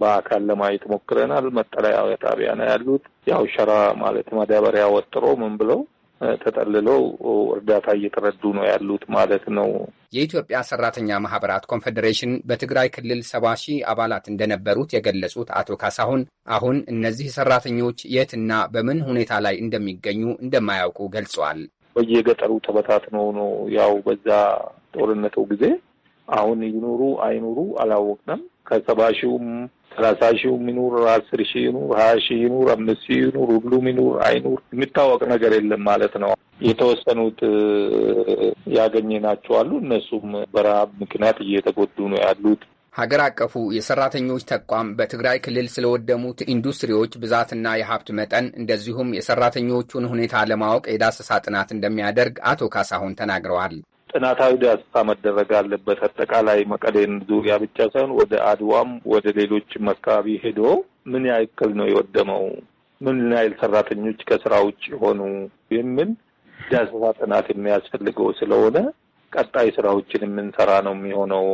በአካል ለማየት ሞክረናል። መጠለያ ጣቢያ ነው ያሉት። ያው ሸራ ማለት ማዳበሪያ ወጥሮ ምን ብለው ተጠልለው እርዳታ እየተረዱ ነው ያሉት ማለት ነው። የኢትዮጵያ ሰራተኛ ማህበራት ኮንፌዴሬሽን በትግራይ ክልል ሰባ ሺህ አባላት እንደነበሩት የገለጹት አቶ ካሳሁን አሁን እነዚህ ሰራተኞች የትና በምን ሁኔታ ላይ እንደሚገኙ እንደማያውቁ ገልጸዋል። በየገጠሩ ተበታትኖ ነው ያው በዛ ጦርነቱ ጊዜ አሁን ይኑሩ አይኑሩ አላወቅንም። ከሰባ ሺውም ሰላሳ ሺውም ይኑር አስር ሺህ ይኑር ሀያ ሺህ ይኑር አምስት ሺ ይኑር ሁሉም ይኑር አይኑር የሚታወቅ ነገር የለም ማለት ነው። የተወሰኑት ያገኘ ናቸው አሉ። እነሱም በረሃብ ምክንያት እየተጎዱ ነው ያሉት። ሀገር አቀፉ የሰራተኞች ተቋም በትግራይ ክልል ስለወደሙት ኢንዱስትሪዎች ብዛትና የሀብት መጠን እንደዚሁም የሰራተኞቹን ሁኔታ ለማወቅ የዳሰሳ ጥናት እንደሚያደርግ አቶ ካሳሁን ተናግረዋል። ጥናታዊ ዳሰሳ መደረግ አለበት። አጠቃላይ መቀሌን ዙሪያ ብቻ ሳይሆን ወደ አድዋም ወደ ሌሎችም አካባቢ ሄዶ ምን ያክል ነው የወደመው፣ ምን ያህል ሰራተኞች ከስራ ውጭ ሆኑ የሚል ዳሰሳ ጥናት የሚያስፈልገው ስለሆነ ቀጣይ ስራዎችን የምንሰራ ነው የሚሆነው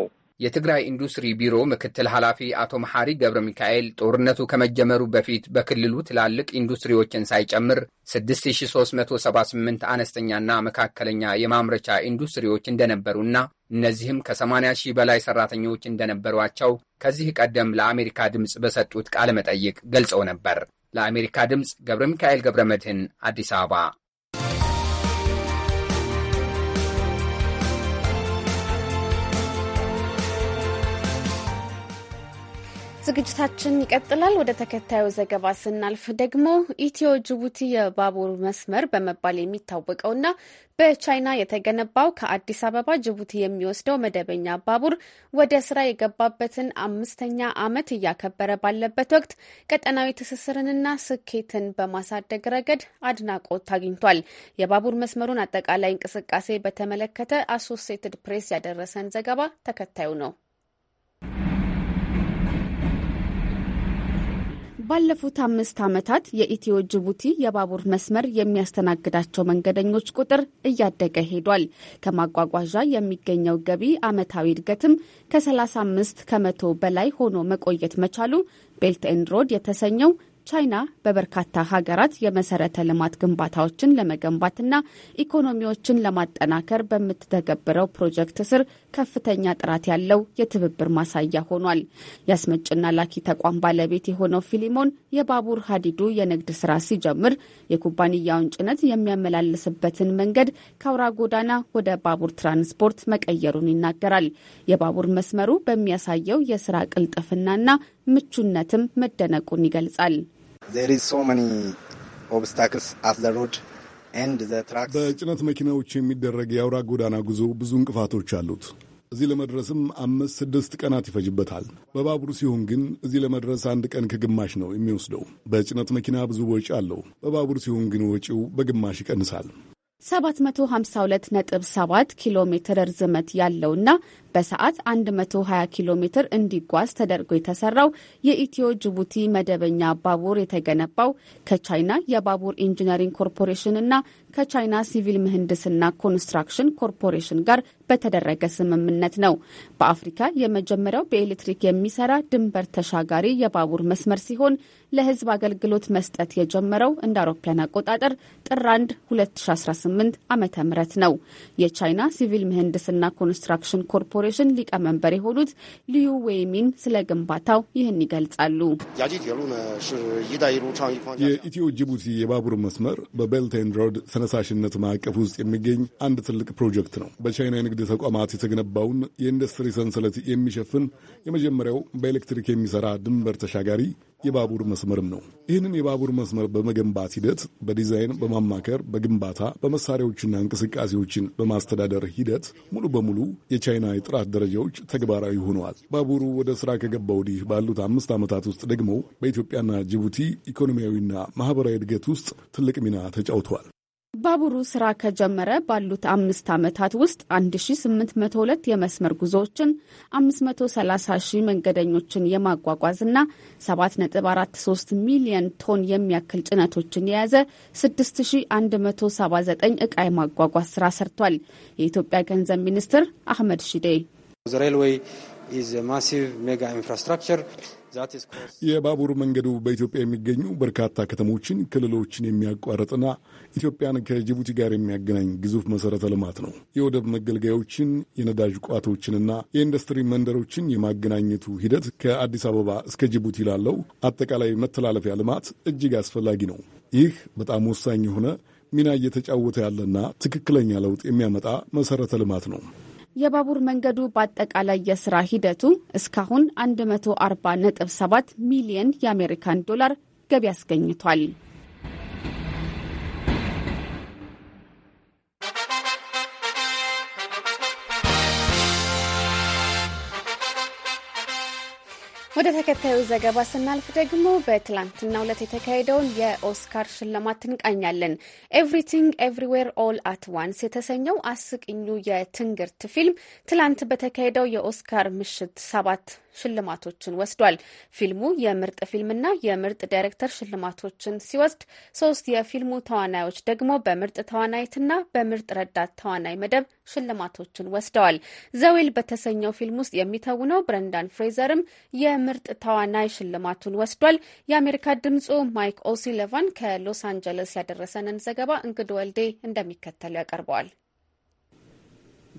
የትግራይ ኢንዱስትሪ ቢሮ ምክትል ኃላፊ አቶ መሐሪ ገብረ ሚካኤል ጦርነቱ ከመጀመሩ በፊት በክልሉ ትላልቅ ኢንዱስትሪዎችን ሳይጨምር 6378 አነስተኛና መካከለኛ የማምረቻ ኢንዱስትሪዎች እንደነበሩና እነዚህም ከ80 ሺህ በላይ ሰራተኞች እንደነበሯቸው ከዚህ ቀደም ለአሜሪካ ድምፅ በሰጡት ቃለ መጠይቅ ገልጸው ነበር። ለአሜሪካ ድምፅ ገብረ ሚካኤል ገብረ መድህን አዲስ አበባ ዝግጅታችን ይቀጥላል። ወደ ተከታዩ ዘገባ ስናልፍ ደግሞ ኢትዮ ጅቡቲ የባቡር መስመር በመባል የሚታወቀውና በቻይና የተገነባው ከአዲስ አበባ ጅቡቲ የሚወስደው መደበኛ ባቡር ወደ ስራ የገባበትን አምስተኛ ዓመት እያከበረ ባለበት ወቅት ቀጠናዊ ትስስርንና ስኬትን በማሳደግ ረገድ አድናቆት አግኝቷል። የባቡር መስመሩን አጠቃላይ እንቅስቃሴ በተመለከተ አሶሴትድ ፕሬስ ያደረሰን ዘገባ ተከታዩ ነው። ባለፉት አምስት ዓመታት የኢትዮ ጅቡቲ የባቡር መስመር የሚያስተናግዳቸው መንገደኞች ቁጥር እያደገ ሄዷል። ከማጓጓዣ የሚገኘው ገቢ ዓመታዊ እድገትም ከ35 ከመቶ በላይ ሆኖ መቆየት መቻሉ ቤልት ኤንድ ሮድ የተሰኘው ቻይና በበርካታ ሀገራት የመሰረተ ልማት ግንባታዎችን ለመገንባትና ኢኮኖሚዎችን ለማጠናከር በምትተገብረው ፕሮጀክት ስር ከፍተኛ ጥራት ያለው የትብብር ማሳያ ሆኗል። የአስመጭና ላኪ ተቋም ባለቤት የሆነው ፊሊሞን የባቡር ሀዲዱ የንግድ ስራ ሲጀምር የኩባንያውን ጭነት የሚያመላልስበትን መንገድ ከአውራ ጎዳና ወደ ባቡር ትራንስፖርት መቀየሩን ይናገራል። የባቡር መስመሩ በሚያሳየው የስራ ቅልጥፍናና ምቹነትም መደነቁን ይገልጻል። በጭነት መኪናዎች የሚደረግ የአውራ ጎዳና ጉዞ ብዙ እንቅፋቶች አሉት። እዚህ ለመድረስም አምስት ስድስት ቀናት ይፈጅበታል። በባቡር ሲሆን ግን እዚህ ለመድረስ አንድ ቀን ከግማሽ ነው የሚወስደው። በጭነት መኪና ብዙ ወጪ አለው። በባቡር ሲሆን ግን ወጪው በግማሽ ይቀንሳል። 752.7 ኪሎ ሜትር ርዝመት ያለውና በሰዓት 120 ኪሎ ሜትር እንዲጓዝ ተደርጎ የተሰራው የኢትዮ ጅቡቲ መደበኛ ባቡር የተገነባው ከቻይና የባቡር ኢንጂነሪንግ ኮርፖሬሽን እና ከቻይና ሲቪል ምህንድስና ኮንስትራክሽን ኮርፖሬሽን ጋር በተደረገ ስምምነት ነው። በአፍሪካ የመጀመሪያው በኤሌክትሪክ የሚሰራ ድንበር ተሻጋሪ የባቡር መስመር ሲሆን ለህዝብ አገልግሎት መስጠት የጀመረው እንደ አውሮፓውያን አቆጣጠር ጥር 1 2018 ም ነው። የቻይና ሲቪል ምህንድስና ኮንስትራክሽን ኮርፖ ኮርፖሬሽን ሊቀመንበር የሆኑት ልዩ ወይሚን ስለ ግንባታው ይህን ይገልጻሉ። የኢትዮ ጅቡቲ የባቡር መስመር በቤልት ኤንድ ሮድ ተነሳሽነት ማዕቀፍ ውስጥ የሚገኝ አንድ ትልቅ ፕሮጀክት ነው። በቻይና የንግድ ተቋማት የተገነባውን የኢንዱስትሪ ሰንሰለት የሚሸፍን የመጀመሪያው በኤሌክትሪክ የሚሰራ ድንበር ተሻጋሪ የባቡር መስመርም ነው። ይህንን የባቡር መስመር በመገንባት ሂደት በዲዛይን በማማከር በግንባታ በመሳሪያዎችና እንቅስቃሴዎችን በማስተዳደር ሂደት ሙሉ በሙሉ የቻይና የጥራት ደረጃዎች ተግባራዊ ሆነዋል። ባቡሩ ወደ ስራ ከገባ ወዲህ ባሉት አምስት ዓመታት ውስጥ ደግሞ በኢትዮጵያና ጅቡቲ ኢኮኖሚያዊና ማህበራዊ እድገት ውስጥ ትልቅ ሚና ተጫውተዋል። ባቡሩ ስራ ከጀመረ ባሉት አምስት ዓመታት ውስጥ 1802 የመስመር ጉዞዎችን 530 ሺህ መንገደኞችን የማጓጓዝና 7.43 ሚሊዮን ቶን የሚያክል ጭነቶችን የያዘ 6179 ዕቃ የማጓጓዝ ስራ ሰርቷል። የኢትዮጵያ ገንዘብ ሚኒስትር አህመድ ሺዴ የባቡር መንገዱ በኢትዮጵያ የሚገኙ በርካታ ከተሞችን፣ ክልሎችን የሚያቋርጥና ኢትዮጵያን ከጅቡቲ ጋር የሚያገናኝ ግዙፍ መሠረተ ልማት ነው። የወደብ መገልገያዎችን፣ የነዳጅ ቋቶችንና የኢንዱስትሪ መንደሮችን የማገናኘቱ ሂደት ከአዲስ አበባ እስከ ጅቡቲ ላለው አጠቃላይ መተላለፊያ ልማት እጅግ አስፈላጊ ነው። ይህ በጣም ወሳኝ የሆነ ሚና እየተጫወተ ያለና ትክክለኛ ለውጥ የሚያመጣ መሠረተ ልማት ነው። የባቡር መንገዱ በአጠቃላይ የስራ ሂደቱ እስካሁን 140.7 ሚሊየን የአሜሪካን ዶላር ገቢ አስገኝቷል። ወደ ተከታዩ ዘገባ ስናልፍ ደግሞ በትላንትናው ዕለት የተካሄደውን የኦስካር ሽልማት እንቃኛለን። ኤቭሪቲንግ ኤቭሪዌር ኦል አት ዋንስ የተሰኘው አስቂኙ የትንግርት ፊልም ትላንት በተካሄደው የኦስካር ምሽት ሰባት ሽልማቶችን ወስዷል። ፊልሙ የምርጥ ፊልምና የምርጥ ዳይሬክተር ሽልማቶችን ሲወስድ ሶስት የፊልሙ ተዋናዮች ደግሞ በምርጥ ተዋናይትና በምርጥ ረዳት ተዋናይ መደብ ሽልማቶችን ወስደዋል። ዘዌል በተሰኘው ፊልም ውስጥ የሚተውነው ብረንዳን ፍሬዘርም የምርጥ ተዋናይ ሽልማቱን ወስዷል። የአሜሪካ ድምፁ ማይክ ኦሲለቫን ከሎስ አንጀለስ ያደረሰንን ዘገባ እንግድ ወልዴ እንደሚከተሉ ያቀርበዋል።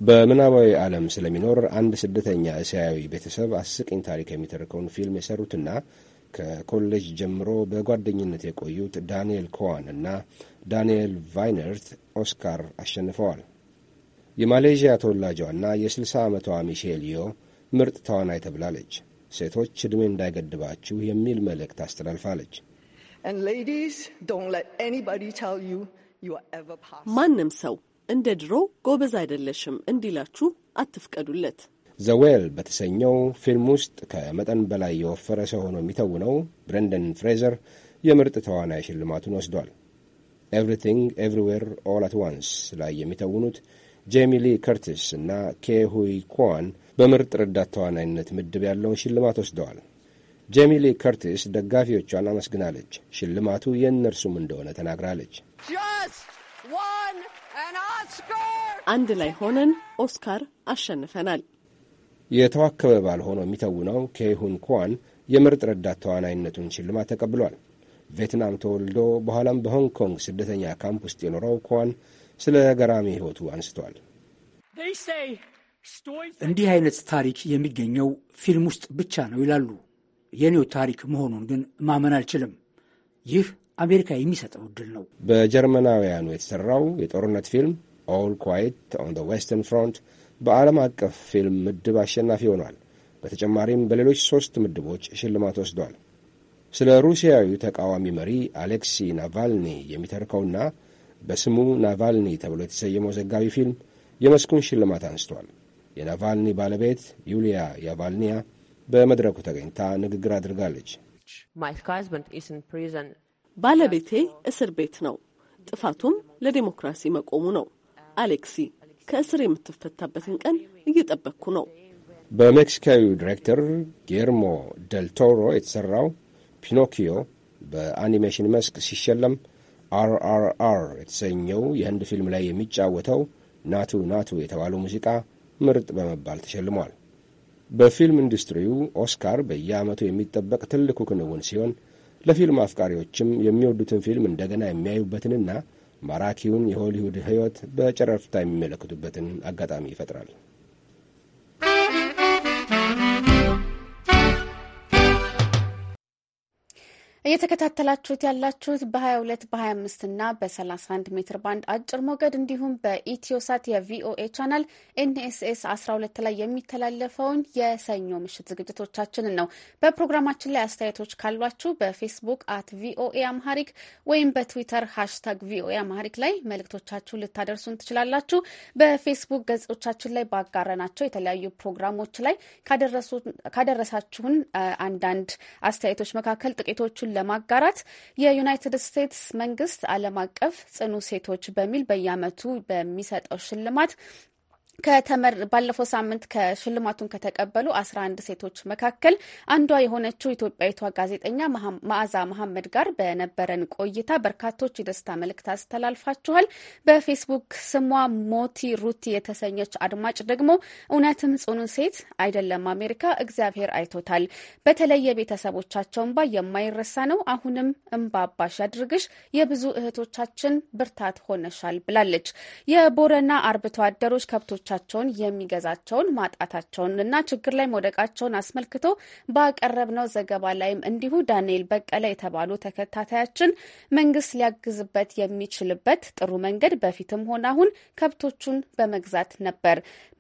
በምናባዊ ዓለም ስለሚኖር አንድ ስደተኛ እስያዊ ቤተሰብ አስቂኝ ታሪክ የሚተርከውን ፊልም የሰሩትና ከኮሌጅ ጀምሮ በጓደኝነት የቆዩት ዳንኤል ኮዋን እና ዳንኤል ቫይነርት ኦስካር አሸንፈዋል። የማሌዥያ ተወላጇና የ60 ዓመቷ ሚሼል ዮ ምርጥ ተዋናይ ተብላለች። ሴቶች ዕድሜ እንዳይገድባችሁ የሚል መልእክት አስተላልፋለች። ማንም ሰው እንደ ድሮ ጎበዝ አይደለሽም እንዲላችሁ አትፍቀዱለት። ዘዌል በተሰኘው ፊልም ውስጥ ከመጠን በላይ የወፈረ ሰው ሆኖ የሚተውነው ብረንደን ፍሬዘር የምርጥ ተዋናይ ሽልማቱን ወስዷል። ኤቭሪቲንግ ኤቭሪዌር ኦል አት ዋንስ ላይ የሚተውኑት ጄሚ ሊ ከርቲስ እና ኬሁይ ኳን በምርጥ ረዳት ተዋናይነት ምድብ ያለውን ሽልማት ወስደዋል። ጄሚ ሊ ከርቲስ ደጋፊዎቿን አመስግናለች። ሽልማቱ የእነርሱም እንደሆነ ተናግራለች። አንድ ላይ ሆነን ኦስካር አሸንፈናል። የተዋከበ ባል ሆኖ የሚተውነው ኬሁን ኳን የምርጥ ረዳት ተዋናይነቱን ሽልማት ተቀብሏል። ቬትናም ተወልዶ በኋላም በሆንግ ኮንግ ስደተኛ ካምፕ ውስጥ የኖረው ኳን ስለ ገራሚ ሕይወቱ አንስቷል። እንዲህ አይነት ታሪክ የሚገኘው ፊልም ውስጥ ብቻ ነው ይላሉ። የኔው ታሪክ መሆኑን ግን ማመን አልችልም። ይህ አሜሪካ የሚሰጠው እድል ነው። በጀርመናውያኑ የተሰራው የጦርነት ፊልም ኦል ኳይት ኦን ዘ ዌስተርን ፍሮንት በዓለም አቀፍ ፊልም ምድብ አሸናፊ ሆኗል። በተጨማሪም በሌሎች ሶስት ምድቦች ሽልማት ወስዷል። ስለ ሩሲያዊ ተቃዋሚ መሪ አሌክሲ ናቫልኒ የሚተርከውና በስሙ ናቫልኒ ተብሎ የተሰየመው ዘጋቢ ፊልም የመስኩን ሽልማት አንስቷል። የናቫልኒ ባለቤት ዩሊያ ያቫልኒያ በመድረኩ ተገኝታ ንግግር አድርጋለች። ባለቤቴ እስር ቤት ነው። ጥፋቱም ለዴሞክራሲ መቆሙ ነው። አሌክሲ ከእስር የምትፈታበትን ቀን እየጠበቅኩ ነው። በሜክሲካዊው ዲሬክተር ጌርሞ ደልቶሮ የተሠራው ፒኖኪዮ በአኒሜሽን መስክ ሲሸለም አርአርአር የተሰኘው የህንድ ፊልም ላይ የሚጫወተው ናቱ ናቱ የተባለው ሙዚቃ ምርጥ በመባል ተሸልሟል። በፊልም ኢንዱስትሪው ኦስካር በየዓመቱ የሚጠበቅ ትልቁ ክንውን ሲሆን ለፊልም አፍቃሪዎችም የሚወዱትን ፊልም እንደገና የሚያዩበትንና ማራኪውን የሆሊውድ ሕይወት በጨረፍታ የሚመለከቱበትን አጋጣሚ ይፈጥራል። እየተከታተላችሁት ያላችሁት በ22 በ25 እና በ31 ሜትር ባንድ አጭር ሞገድ እንዲሁም በኢትዮሳት የቪኦኤ ቻናል ኤንኤስኤስ 12 ላይ የሚተላለፈውን የሰኞ ምሽት ዝግጅቶቻችንን ነው። በፕሮግራማችን ላይ አስተያየቶች ካሏችሁ በፌስቡክ አት ቪኦኤ አምሃሪክ ወይም በትዊተር ሃሽታግ ቪኦኤ አምሃሪክ ላይ መልእክቶቻችሁ ልታደርሱን ትችላላችሁ። በፌስቡክ ገጾቻችን ላይ ባጋረናቸው የተለያዩ ፕሮግራሞች ላይ ካደረሳችሁን አንዳንድ አስተያየቶች መካከል ጥቂቶቹን ለማጋራት የዩናይትድ ስቴትስ መንግስት ዓለም አቀፍ ጽኑ ሴቶች በሚል በየዓመቱ በሚሰጠው ሽልማት ከተመር ባለፈው ሳምንት ከሽልማቱን ከተቀበሉ አስራ ሴቶች መካከል አንዷ የሆነችው ኢትዮጵያዊቷ ጋዜጠኛ መዓዛ መሐመድ ጋር በነበረን ቆይታ በርካቶች የደስታ መልእክት አስተላልፋችኋል። በፌስቡክ ስሟ ሞቲ ሩቲ የተሰኘች አድማጭ ደግሞ እውነትም ጽኑ ሴት አይደለም አሜሪካ፣ እግዚአብሔር አይቶታል። በተለይ ቤተሰቦቻቸው እንባ የማይረሳ ነው። አሁንም እምባባሽ ያድርግሽ፣ የብዙ እህቶቻችን ብርታት ሆነሻል ብላለች። የቦረና አርብቶ አደሮች ከብቶች ቤተሰቦቻቸውን የሚገዛቸውን ማጣታቸውንና ችግር ላይ መውደቃቸውን አስመልክቶ ባቀረብነው ዘገባ ላይም እንዲሁ ዳንኤል በቀለ የተባሉ ተከታታያችን መንግስት ሊያግዝበት የሚችልበት ጥሩ መንገድ በፊትም ሆነ አሁን ከብቶቹን በመግዛት ነበር።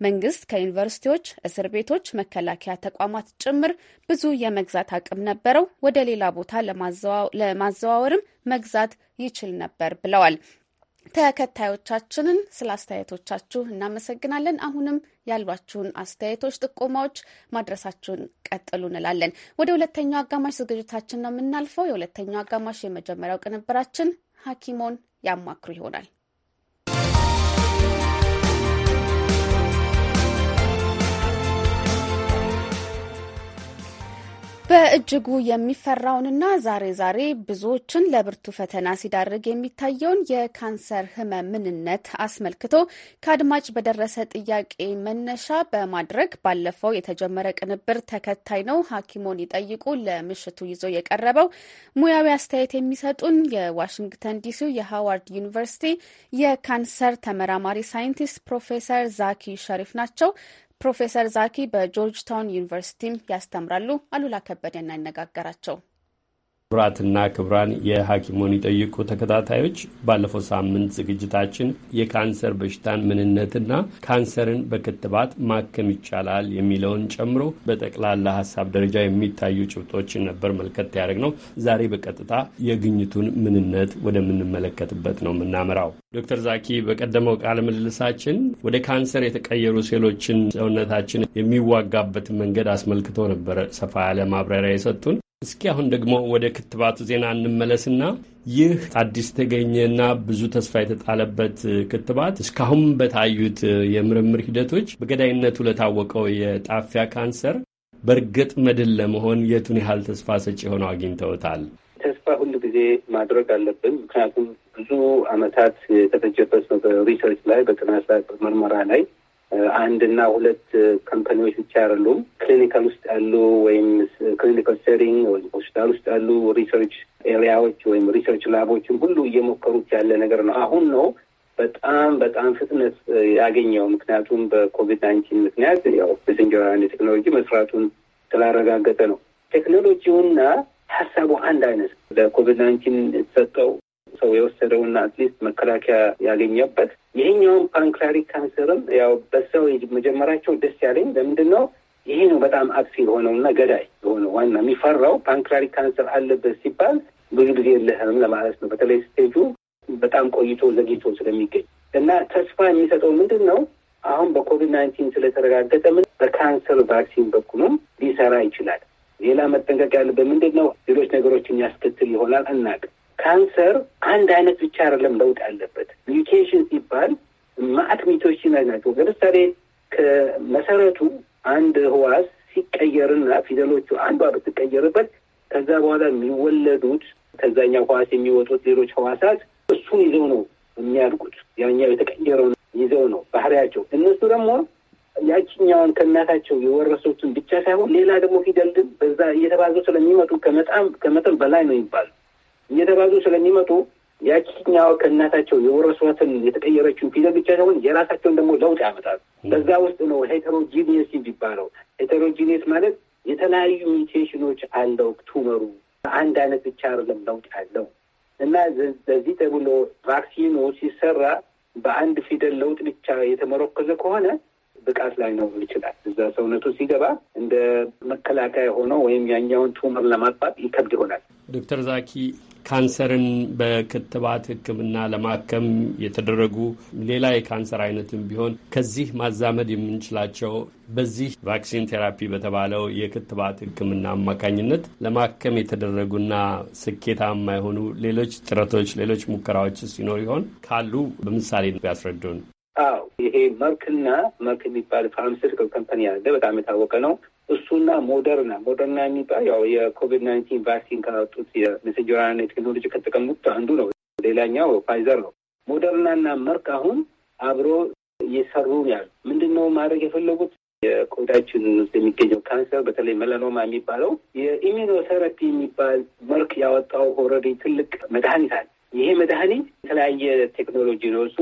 መንግስት ከዩኒቨርሲቲዎች፣ እስር ቤቶች፣ መከላከያ ተቋማት ጭምር ብዙ የመግዛት አቅም ነበረው። ወደ ሌላ ቦታ ለማዘዋወርም መግዛት ይችል ነበር ብለዋል። ተከታዮቻችንን ስለ አስተያየቶቻችሁ እናመሰግናለን። አሁንም ያሏችሁን አስተያየቶች፣ ጥቆማዎች ማድረሳችሁን ቀጥሉ እንላለን። ወደ ሁለተኛው አጋማሽ ዝግጅታችን ነው የምናልፈው። የሁለተኛው አጋማሽ የመጀመሪያው ቅንብራችን ሐኪሞን ያማክሩ ይሆናል። በእጅጉ የሚፈራውንና ዛሬ ዛሬ ብዙዎችን ለብርቱ ፈተና ሲዳርግ የሚታየውን የካንሰር ሕመም ምንነት አስመልክቶ ከአድማጭ በደረሰ ጥያቄ መነሻ በማድረግ ባለፈው የተጀመረ ቅንብር ተከታይ ነው። ሐኪሞን ይጠይቁ ለምሽቱ ይዞ የቀረበው ሙያዊ አስተያየት የሚሰጡን የዋሽንግተን ዲሲው የሃዋርድ ዩኒቨርሲቲ የካንሰር ተመራማሪ ሳይንቲስት ፕሮፌሰር ዛኪ ሸሪፍ ናቸው። ፕሮፌሰር ዛኪ በጆርጅ ታውን ዩኒቨርሲቲም ያስተምራሉ። አሉላ ከበደ ያነጋገራቸው ክቡራትና ክቡራን የሐኪሞን ይጠይቁ ተከታታዮች ባለፈው ሳምንት ዝግጅታችን የካንሰር በሽታን ምንነትና ካንሰርን በክትባት ማከም ይቻላል የሚለውን ጨምሮ በጠቅላላ ሀሳብ ደረጃ የሚታዩ ጭብጦችን ነበር መልከት ያደርግ ነው። ዛሬ በቀጥታ የግኝቱን ምንነት ወደምንመለከትበት ነው የምናመራው። ዶክተር ዛኪ በቀደመው ቃለ ምልልሳችን ወደ ካንሰር የተቀየሩ ሴሎችን ሰውነታችን የሚዋጋበትን መንገድ አስመልክቶ ነበር ሰፋ ያለ ማብራሪያ የሰጡን። እስኪ አሁን ደግሞ ወደ ክትባቱ ዜና እንመለስና ይህ አዲስ ተገኘና ብዙ ተስፋ የተጣለበት ክትባት እስካሁን በታዩት የምርምር ሂደቶች በገዳይነቱ ለታወቀው የጣፊያ ካንሰር በእርግጥ መድል ለመሆን የቱን ያህል ተስፋ ሰጪ ሆነው አግኝተውታል? ተስፋ ሁሉ ጊዜ ማድረግ አለብን። ምክንያቱም ብዙ ዓመታት የተፈጀበት ነው በሪሰርች ላይ በጥናት ምርመራ ላይ አንድና ሁለት ካምፓኒዎች ብቻ አይደሉም። ክሊኒካል ውስጥ ያሉ ወይም ክሊኒካል ሴሪንግ ወይም ሆስፒታል ውስጥ ያሉ ሪሰርች ኤሪያዎች ወይም ሪሰርች ላቦችን ሁሉ እየሞከሩት ያለ ነገር ነው። አሁን ነው በጣም በጣም ፍጥነት ያገኘው። ምክንያቱም በኮቪድ ናይንቲን ምክንያት ያው መሰንጀር የቴክኖሎጂ መስራቱን ስላረጋገጠ ነው። ቴክኖሎጂውና ሀሳቡ አንድ አይነት ለኮቪድ ናይንቲን የተሰጠው ሰው የወሰደውና አትሊስት መከላከያ ያገኘበት ይህኛውን ፓንክሪያቲክ ካንሰርም ያው በሰው መጀመራቸው ደስ ያለኝ ለምንድን ነው ይሄ ነው በጣም አጥፊ የሆነውና ገዳይ የሆነው ዋና የሚፈራው ፓንክሪያቲክ ካንሰር አለበት ሲባል ብዙ ጊዜ የለህም ለማለት ነው። በተለይ ስቴጁ በጣም ቆይቶ ዘግይቶ ስለሚገኝ እና ተስፋ የሚሰጠው ምንድን ነው አሁን በኮቪድ ናይንቲን ስለተረጋገጠ ምን በካንሰር ቫክሲን በኩሉም ሊሰራ ይችላል። ሌላ መጠንቀቅ ያለበት ምንድን ነው ሌሎች ነገሮችን ያስከትል ይሆናል አናውቅም። ካንሰር አንድ አይነት ብቻ አይደለም ለውጥ ያለበት። ሚውቴሽን ሲባል ማአት ሚውቴሽን ናቸው። ለምሳሌ ከመሰረቱ አንድ ህዋስ ሲቀየርና ፊደሎቹ አንዷ ብትቀየርበት ከዛ በኋላ የሚወለዱት ከዛኛው ህዋስ የሚወጡት ሌሎች ህዋሳት እሱን ይዘው ነው የሚያድጉት። ያኛው የተቀየረውን ይዘው ነው ባህሪያቸው። እነሱ ደግሞ ያችኛውን ከእናታቸው የወረሱትን ብቻ ሳይሆን ሌላ ደግሞ ፊደል በዛ እየተባዙ ስለሚመጡ ከመጣም ከመጠን በላይ ነው ይባሉ እየተባዙ ስለሚመጡ ያችኛዋ ከእናታቸው የወረሷትን የተቀየረችውን ፊደል ብቻ ሳይሆን የራሳቸውን ደግሞ ለውጥ ያመጣሉ። በዛ ውስጥ ነው ሄተሮጂኒየስ የሚባለው። ሄተሮጂኒየስ ማለት የተለያዩ ሚቴሽኖች አለው ቱመሩ አንድ አይነት ብቻ አይደለም ለውጥ ያለው እና በዚህ ተብሎ ቫክሲኑ ሲሰራ በአንድ ፊደል ለውጥ ብቻ የተመረኮዘ ከሆነ ብቃት ነው ይችላል። እዛ ሰውነቱ ሲገባ እንደ መከላከያ ሆኖ ወይም ያኛውን ቱመር ለማጥፋት ይከብድ ይሆናል። ዶክተር ዛኪ ካንሰርን በክትባት ሕክምና ለማከም የተደረጉ ሌላ የካንሰር አይነትም ቢሆን ከዚህ ማዛመድ የምንችላቸው በዚህ ቫክሲን ቴራፒ በተባለው የክትባት ሕክምና አማካኝነት ለማከም የተደረጉና ስኬታማ የሆኑ ሌሎች ጥረቶች፣ ሌሎች ሙከራዎች ሲኖር ይሆን ካሉ በምሳሌ ያስረዱን። አዎ ይሄ መርክና መርክ የሚባል ፋርማሲቲካል ካምፓኒ አለ፣ በጣም የታወቀ ነው። እሱና ሞደርና ሞደርና የሚባል ያው የኮቪድ ናይንቲን ቫክሲን ካወጡት የመሰንጀራና ቴክኖሎጂ ከተጠቀሙት አንዱ ነው። ሌላኛው ፋይዘር ነው። ሞደርናና መርክ አሁን አብሮ እየሰሩ ያሉ ምንድን ነው ማድረግ የፈለጉት የቆዳችን ውስጥ የሚገኘው ካንሰር በተለይ መለኖማ የሚባለው የኢሚኖቴራፒ የሚባል መርክ ያወጣው ኦልሬዲ ትልቅ መድኃኒት አለ። ይሄ መድኃኒት የተለያየ ቴክኖሎጂ ነው እሱ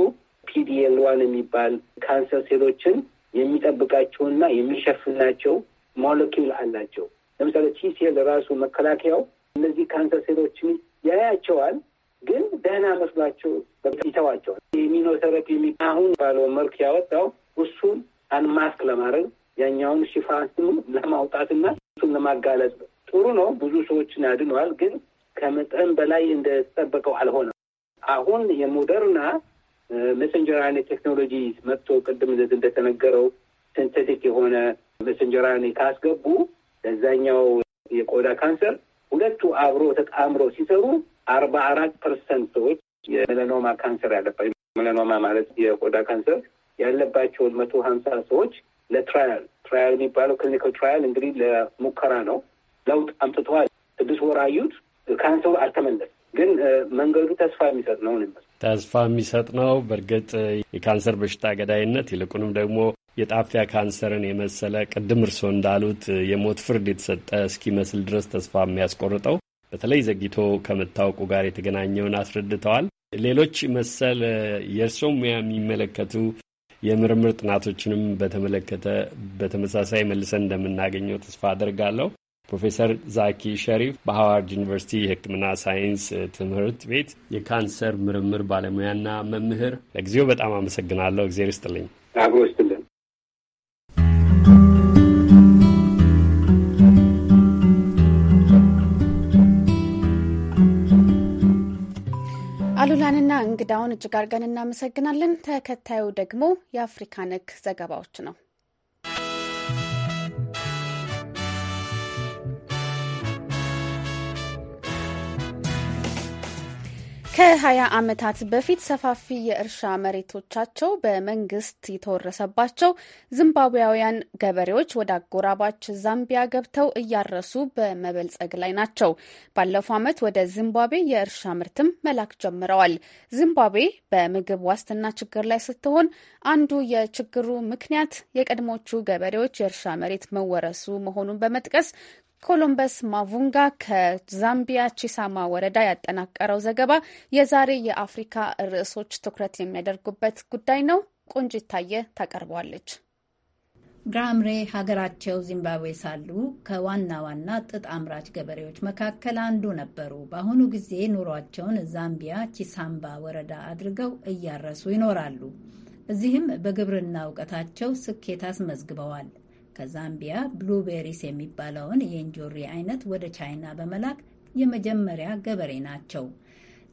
ፒዲኤል ዋን የሚባል ካንሰር ሴሎችን የሚጠብቃቸውና የሚሸፍናቸው ሞለኪውል አላቸው። ለምሳሌ ቲሴል ራሱ መከላከያው እነዚህ ካንሰር ሴሎችን ያያቸዋል፣ ግን ደህና መስሏቸው ይተዋቸዋል። የሚ አሁን ባለው መልክ ያወጣው እሱን አንማስክ ለማድረግ ያኛውን ሽፋን ለማውጣትና እሱን ለማጋለጥ ጥሩ ነው፣ ብዙ ሰዎችን ያድነዋል፣ ግን ከመጠን በላይ እንደተጠበቀው አልሆነም። አሁን የሞደርና መሰንጀር አይነት ቴክኖሎጂ መጥቶ ቅድም እንደተነገረው ሲንቴቲክ የሆነ መሰንጀር አር ካስገቡ ለዛኛው የቆዳ ካንሰር ሁለቱ አብሮ ተጣምሮ ሲሰሩ አርባ አራት ፐርሰንት ሰዎች የሜላኖማ ካንሰር ያለባቸው ሜላኖማ ማለት የቆዳ ካንሰር ያለባቸውን መቶ ሀምሳ ሰዎች ለትራያል ትራያል የሚባለው ክሊኒካል ትራያል እንግዲህ ለሙከራ ነው። ለውጥ አምጥተዋል። ስድስት ወር አዩት። ካንሰሩ አልተመለሰም፣ ግን መንገዱ ተስፋ የሚሰጥ ነው። ተስፋ የሚሰጥ ነው። በእርግጥ የካንሰር በሽታ ገዳይነት ይልቁንም ደግሞ የጣፊያ ካንሰርን የመሰለ ቅድም እርስዎ እንዳሉት የሞት ፍርድ የተሰጠ እስኪመስል ድረስ ተስፋ የሚያስቆርጠው በተለይ ዘግይቶ ከመታወቁ ጋር የተገናኘውን አስረድተዋል። ሌሎች መሰል የእርስዎ ሙያ የሚመለከቱ የምርምር ጥናቶችንም በተመለከተ በተመሳሳይ መልሰን እንደምናገኘው ተስፋ አደርጋለሁ። ፕሮፌሰር ዛኪ ሸሪፍ በሃዋርድ ዩኒቨርሲቲ የሕክምና ሳይንስ ትምህርት ቤት የካንሰር ምርምር ባለሙያና መምህር፣ ለጊዜው በጣም አመሰግናለሁ። እግዜር ይስጥልኝ። አሉላንና እንግዳውን እጅግ አድርገን እናመሰግናለን። ተከታዩ ደግሞ የአፍሪካ ነክ ዘገባዎች ነው። ከ20 ዓመታት በፊት ሰፋፊ የእርሻ መሬቶቻቸው በመንግስት የተወረሰባቸው ዚምባብያውያን ገበሬዎች ወደ አጎራባች ዛምቢያ ገብተው እያረሱ በመበልጸግ ላይ ናቸው። ባለፈው ዓመት ወደ ዚምባብዌ የእርሻ ምርትም መላክ ጀምረዋል። ዚምባብዌ በምግብ ዋስትና ችግር ላይ ስትሆን አንዱ የችግሩ ምክንያት የቀድሞቹ ገበሬዎች የእርሻ መሬት መወረሱ መሆኑን በመጥቀስ ኮሎምበስ ማቡንጋ ከዛምቢያ ቺሳማ ወረዳ ያጠናቀረው ዘገባ የዛሬ የአፍሪካ ርዕሶች ትኩረት የሚያደርጉበት ጉዳይ ነው። ቆንጂት ታየ ታቀርበዋለች። ግራምሬ ሀገራቸው ዚምባብዌ ሳሉ ከዋና ዋና ጥጥ አምራች ገበሬዎች መካከል አንዱ ነበሩ። በአሁኑ ጊዜ ኑሯቸውን ዛምቢያ ቺሳምባ ወረዳ አድርገው እያረሱ ይኖራሉ። እዚህም በግብርና እውቀታቸው ስኬት አስመዝግበዋል። ከዛምቢያ ብሉቤሪስ የሚባለውን የእንጆሪ አይነት ወደ ቻይና በመላክ የመጀመሪያ ገበሬ ናቸው።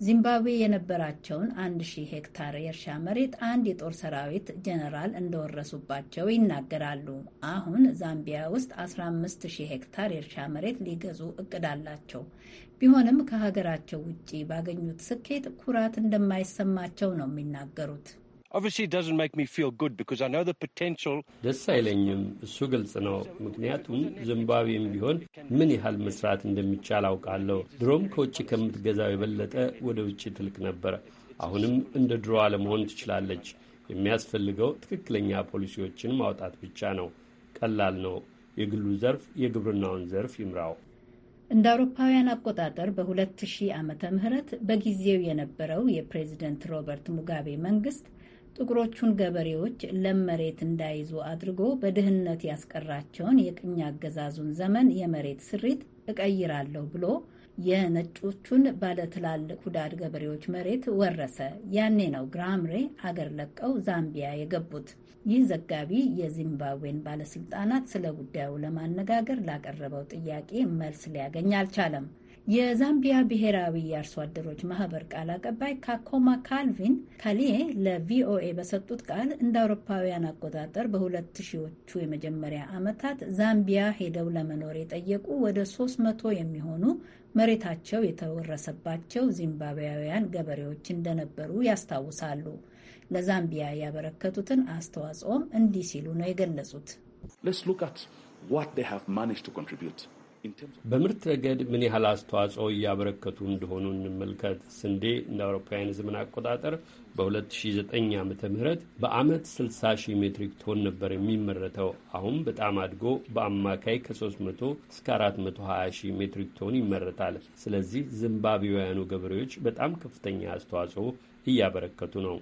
ዚምባብዌ የነበራቸውን አንድ ሺህ ሄክታር የእርሻ መሬት አንድ የጦር ሰራዊት ጀነራል እንደወረሱባቸው ይናገራሉ። አሁን ዛምቢያ ውስጥ 15 ሺህ ሄክታር የእርሻ መሬት ሊገዙ እቅድ አላቸው። ቢሆንም ከሀገራቸው ውጪ ባገኙት ስኬት ኩራት እንደማይሰማቸው ነው የሚናገሩት። ደስ አይለኝም። እሱ ግልጽ ነው። ምክንያቱም ዚምባብዌም ቢሆን ምን ያህል መስራት እንደሚቻል አውቃለሁ። ድሮም ከውጭ ከምትገዛው የበለጠ ወደ ውጭ ትልቅ ነበር። አሁንም እንደ ድሮ አለመሆን ትችላለች። የሚያስፈልገው ትክክለኛ ፖሊሲዎችን ማውጣት ብቻ ነው። ቀላል ነው። የግሉ ዘርፍ የግብርናውን ዘርፍ ይምራው። እንደ አውሮፓውያን አቆጣጠር በ2000 ዓመተ ምህረት በጊዜው የነበረው የፕሬዚደንት ሮበርት ሙጋቤ መንግስት ጥቁሮቹን ገበሬዎች ለም መሬት እንዳይዙ አድርጎ በድህነት ያስቀራቸውን የቅኝ አገዛዙን ዘመን የመሬት ስሪት እቀይራለሁ ብሎ የነጮቹን ባለትላልቅ ሁዳድ ገበሬዎች መሬት ወረሰ። ያኔ ነው ግራምሬ አገር ለቀው ዛምቢያ የገቡት። ይህ ዘጋቢ የዚምባብዌን ባለስልጣናት ስለ ጉዳዩ ለማነጋገር ላቀረበው ጥያቄ መልስ ሊያገኝ አልቻለም። የዛምቢያ ብሔራዊ የአርሶ አደሮች ማህበር ቃል አቀባይ ካኮማ ካልቪን ካሊዬ ለቪኦኤ በሰጡት ቃል እንደ አውሮፓውያን አቆጣጠር በሁለት ሺዎቹ የመጀመሪያ ዓመታት ዛምቢያ ሄደው ለመኖር የጠየቁ ወደ ሶስት መቶ የሚሆኑ መሬታቸው የተወረሰባቸው ዚምባብያውያን ገበሬዎች እንደነበሩ ያስታውሳሉ። ለዛምቢያ ያበረከቱትን አስተዋጽኦም እንዲህ ሲሉ ነው የገለጹት። በምርት ረገድ ምን ያህል አስተዋጽኦ እያበረከቱ እንደሆኑ እንመልከት። ስንዴ እንደ አውሮፓውያን ዘመን አቆጣጠር በ2009 ዓ ም በአመት 60 ሺህ ሜትሪክ ቶን ነበር የሚመረተው። አሁን በጣም አድጎ በአማካይ ከ300 እስከ 420 ሺህ ሜትሪክ ቶን ይመረታል። ስለዚህ ዚምባብዌውያኑ ገበሬዎች በጣም ከፍተኛ አስተዋጽኦ እያበረከቱ ነው።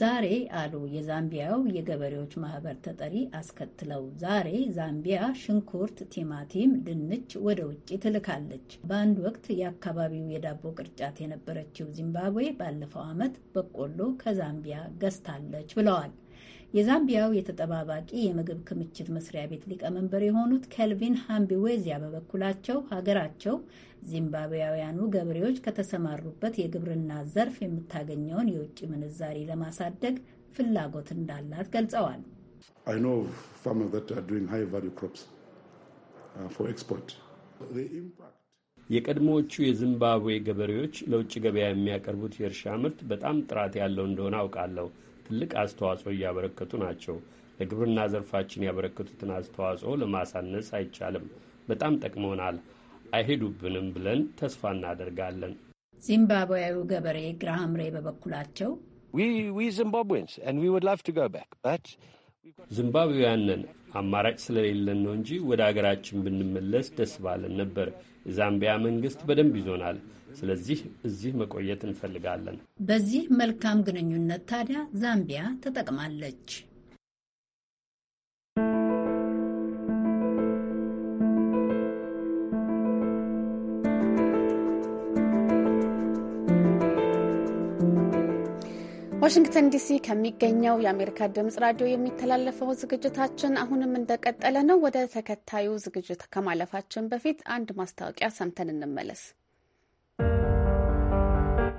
ዛሬ አሉ የዛምቢያው የገበሬዎች ማህበር ተጠሪ አስከትለው። ዛሬ ዛምቢያ ሽንኩርት፣ ቲማቲም፣ ድንች ወደ ውጭ ትልካለች። በአንድ ወቅት የአካባቢው የዳቦ ቅርጫት የነበረችው ዚምባብዌ ባለፈው ዓመት በቆሎ ከዛምቢያ ገዝታለች ብለዋል። የዛምቢያው የተጠባባቂ የምግብ ክምችት መስሪያ ቤት ሊቀመንበር የሆኑት ኬልቪን ሃምቢዌዚያ በበኩላቸው ሀገራቸው ዚምባብያውያኑ ገበሬዎች ከተሰማሩበት የግብርና ዘርፍ የምታገኘውን የውጭ ምንዛሪ ለማሳደግ ፍላጎት እንዳላት ገልጸዋል። uh, የቀድሞዎቹ የዚምባብዌ ገበሬዎች ለውጭ ገበያ የሚያቀርቡት የእርሻ ምርት በጣም ጥራት ያለው እንደሆነ አውቃለሁ። ትልቅ አስተዋጽኦ እያበረከቱ ናቸው። ለግብርና ዘርፋችን ያበረከቱትን አስተዋጽኦ ለማሳነስ አይቻልም። በጣም ጠቅመውናል። አይሄዱብንም ብለን ተስፋ እናደርጋለን። ዚምባብዌያዊ ገበሬ ግራሃም ሬ በበኩላቸው ዚምባብዌያን ነን፣ አማራጭ ስለሌለን ነው እንጂ ወደ አገራችን ብንመለስ ደስ ባለን ነበር። የዛምቢያ መንግስት በደንብ ይዞናል። ስለዚህ እዚህ መቆየት እንፈልጋለን። በዚህ መልካም ግንኙነት ታዲያ ዛምቢያ ተጠቅማለች። ዋሽንግተን ዲሲ ከሚገኘው የአሜሪካ ድምጽ ራዲዮ የሚተላለፈው ዝግጅታችን አሁንም እንደቀጠለ ነው። ወደ ተከታዩ ዝግጅት ከማለፋችን በፊት አንድ ማስታወቂያ ሰምተን እንመለስ።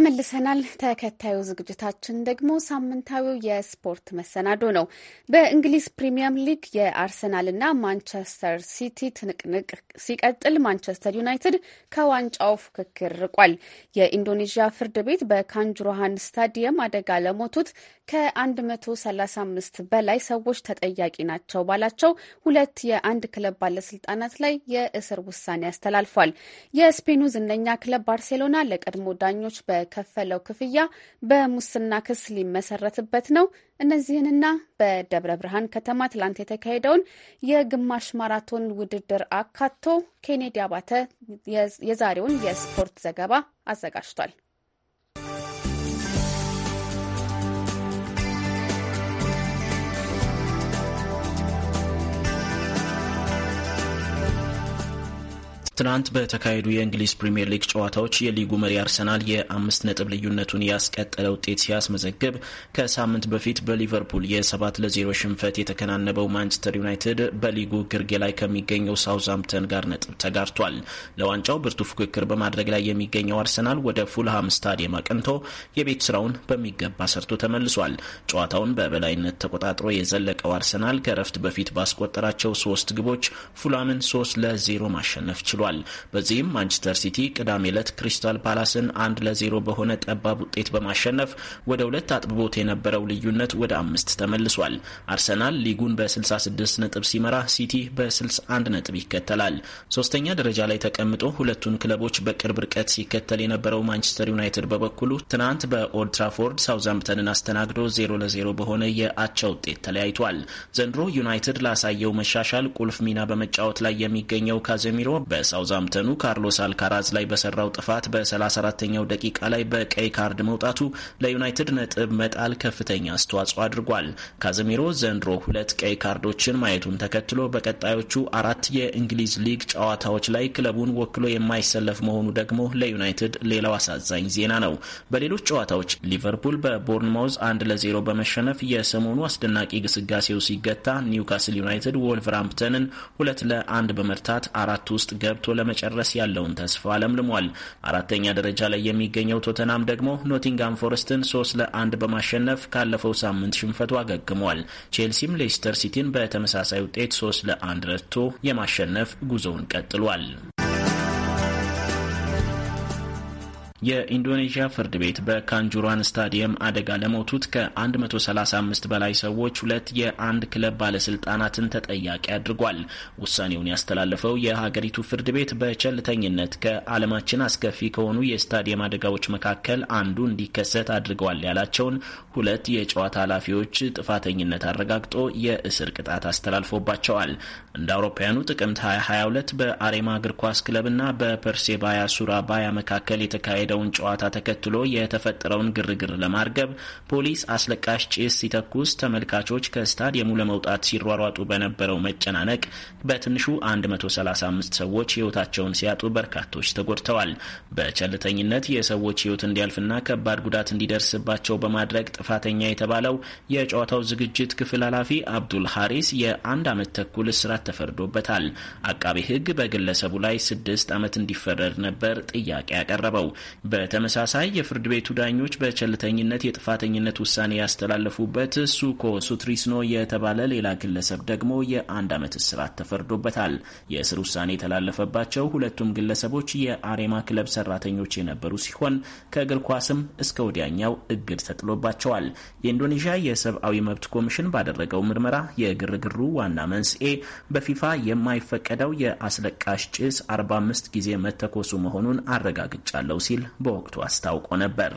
ተመልሰናል። ተከታዩ ዝግጅታችን ደግሞ ሳምንታዊው የስፖርት መሰናዶ ነው። በእንግሊዝ ፕሪሚየር ሊግ የአርሰናልና ማንቸስተር ሲቲ ትንቅንቅ ሲቀጥል ማንቸስተር ዩናይትድ ከዋንጫው ፉክክር ርቋል። የኢንዶኔዥያ ፍርድ ቤት በካንጅሮሃን ስታዲየም አደጋ ለሞቱት ከ135 በላይ ሰዎች ተጠያቂ ናቸው ባላቸው ሁለት የአንድ ክለብ ባለስልጣናት ላይ የእስር ውሳኔ አስተላልፏል። የስፔኑ ዝነኛ ክለብ ባርሴሎና ለቀድሞ ዳኞች በ የከፈለው ክፍያ በሙስና ክስ ሊመሰረትበት ነው። እነዚህንና በደብረ ብርሃን ከተማ ትላንት የተካሄደውን የግማሽ ማራቶን ውድድር አካቶ ኬኔዲ አባተ የዛሬውን የስፖርት ዘገባ አዘጋጅቷል። ትናንት በተካሄዱ የእንግሊዝ ፕሪምየር ሊግ ጨዋታዎች የሊጉ መሪ አርሰናል የአምስት ነጥብ ልዩነቱን ያስቀጠለ ውጤት ሲያስመዘግብ ከሳምንት በፊት በሊቨርፑል የሰባት ለዜሮ ሽንፈት የተከናነበው ማንቸስተር ዩናይትድ በሊጉ ግርጌ ላይ ከሚገኘው ሳውዝሃምፕተን ጋር ነጥብ ተጋርቷል። ለዋንጫው ብርቱ ፉክክር በማድረግ ላይ የሚገኘው አርሰናል ወደ ፉልሃም ስታዲየም አቅንቶ የቤት ስራውን በሚገባ ሰርቶ ተመልሷል። ጨዋታውን በበላይነት ተቆጣጥሮ የዘለቀው አርሰናል ከረፍት በፊት ባስቆጠራቸው ሶስት ግቦች ፉልሃምን ሶስት ለዜሮ ማሸነፍ ችሏል። ተመልክቷል። በዚህም ማንቸስተር ሲቲ ቅዳሜ ዕለት ክሪስታል ፓላስን አንድ ለዜሮ በሆነ ጠባብ ውጤት በማሸነፍ ወደ ሁለት አጥብቦት የነበረው ልዩነት ወደ አምስት ተመልሷል። አርሰናል ሊጉን በ66 ነጥብ ሲመራ፣ ሲቲ በ61 ነጥብ ይከተላል። ሶስተኛ ደረጃ ላይ ተቀምጦ ሁለቱን ክለቦች በቅርብ ርቀት ሲከተል የነበረው ማንቸስተር ዩናይትድ በበኩሉ ትናንት በኦልድ ትራፎርድ ሳውዝሃምፕተንን አስተናግዶ 0 ለ0 በሆነ የአቻ ውጤት ተለያይቷል። ዘንድሮ ዩናይትድ ላሳየው መሻሻል ቁልፍ ሚና በመጫወት ላይ የሚገኘው ካዘሚሮ በሳ ሳውዛምተኑ ካርሎስ አልካራዝ ላይ በሰራው ጥፋት በ34ኛው ደቂቃ ላይ በቀይ ካርድ መውጣቱ ለዩናይትድ ነጥብ መጣል ከፍተኛ አስተዋጽኦ አድርጓል። ካዘሚሮ ዘንድሮ ሁለት ቀይ ካርዶችን ማየቱን ተከትሎ በቀጣዮቹ አራት የእንግሊዝ ሊግ ጨዋታዎች ላይ ክለቡን ወክሎ የማይሰለፍ መሆኑ ደግሞ ለዩናይትድ ሌላው አሳዛኝ ዜና ነው። በሌሎች ጨዋታዎች ሊቨርፑል በቦርንማውዝ አንድ ለዜሮ በመሸነፍ የሰሞኑ አስደናቂ ግስጋሴው ሲገታ ኒውካስል ዩናይትድ ወልቨራምፕተንን ሁለት ለአንድ በመርታት አራት ውስጥ ገብ ገብቶ ለመጨረስ ያለውን ተስፋ አለምልሟል። አራተኛ ደረጃ ላይ የሚገኘው ቶተናም ደግሞ ኖቲንጋም ፎረስትን ሶስት ለአንድ በማሸነፍ ካለፈው ሳምንት ሽንፈቱ አገግሟል። ቼልሲም ሌስተር ሲቲን በተመሳሳይ ውጤት ሶስት ለአንድ ረትቶ የማሸነፍ ጉዞውን ቀጥሏል። የኢንዶኔዥያ ፍርድ ቤት በካንጁሯን ስታዲየም አደጋ ለሞቱት ከ135 በላይ ሰዎች ሁለት የአንድ ክለብ ባለስልጣናትን ተጠያቂ አድርጓል። ውሳኔውን ያስተላለፈው የሀገሪቱ ፍርድ ቤት በቸልተኝነት ከዓለማችን አስከፊ ከሆኑ የስታዲየም አደጋዎች መካከል አንዱ እንዲከሰት አድርገዋል ያላቸውን ሁለት የጨዋታ ኃላፊዎች ጥፋተኝነት አረጋግጦ የእስር ቅጣት አስተላልፎባቸዋል። እንደ አውሮፓውያኑ ጥቅምት 2022 በአሬማ እግር ኳስ ክለብና በፐርሴባያ ሱራባያ መካከል የተካሄደ የተካሄደውን ጨዋታ ተከትሎ የተፈጠረውን ግርግር ለማርገብ ፖሊስ አስለቃሽ ጭስ ሲተኩስ ተመልካቾች ከስታዲየሙ ለመውጣት ሲሯሯጡ በነበረው መጨናነቅ በትንሹ 135 ሰዎች ሕይወታቸውን ሲያጡ በርካቶች ተጎድተዋል። በቸልተኝነት የሰዎች ሕይወት እንዲያልፍና ከባድ ጉዳት እንዲደርስባቸው በማድረግ ጥፋተኛ የተባለው የጨዋታው ዝግጅት ክፍል ኃላፊ አብዱል ሐሪስ የአንድ ዓመት ተኩል እስራት ተፈርዶበታል። አቃቤ ሕግ በግለሰቡ ላይ ስድስት ዓመት እንዲፈረድ ነበር ጥያቄ ያቀረበው። በተመሳሳይ የፍርድ ቤቱ ዳኞች በቸልተኝነት የጥፋተኝነት ውሳኔ ያስተላለፉበት ሱኮ ሱትሪስኖ የተባለ ሌላ ግለሰብ ደግሞ የአንድ ዓመት እስራት ተፈርዶበታል። የእስር ውሳኔ የተላለፈባቸው ሁለቱም ግለሰቦች የአሬማ ክለብ ሰራተኞች የነበሩ ሲሆን ከእግር ኳስም እስከ ወዲያኛው እግድ ተጥሎባቸዋል። የኢንዶኔዥያ የሰብአዊ መብት ኮሚሽን ባደረገው ምርመራ የግርግሩ ዋና መንስኤ በፊፋ የማይፈቀደው የአስለቃሽ ጭስ 45 ጊዜ መተኮሱ መሆኑን አረጋግጫለሁ ሲል በወቅቱ አስታውቆ ነበር።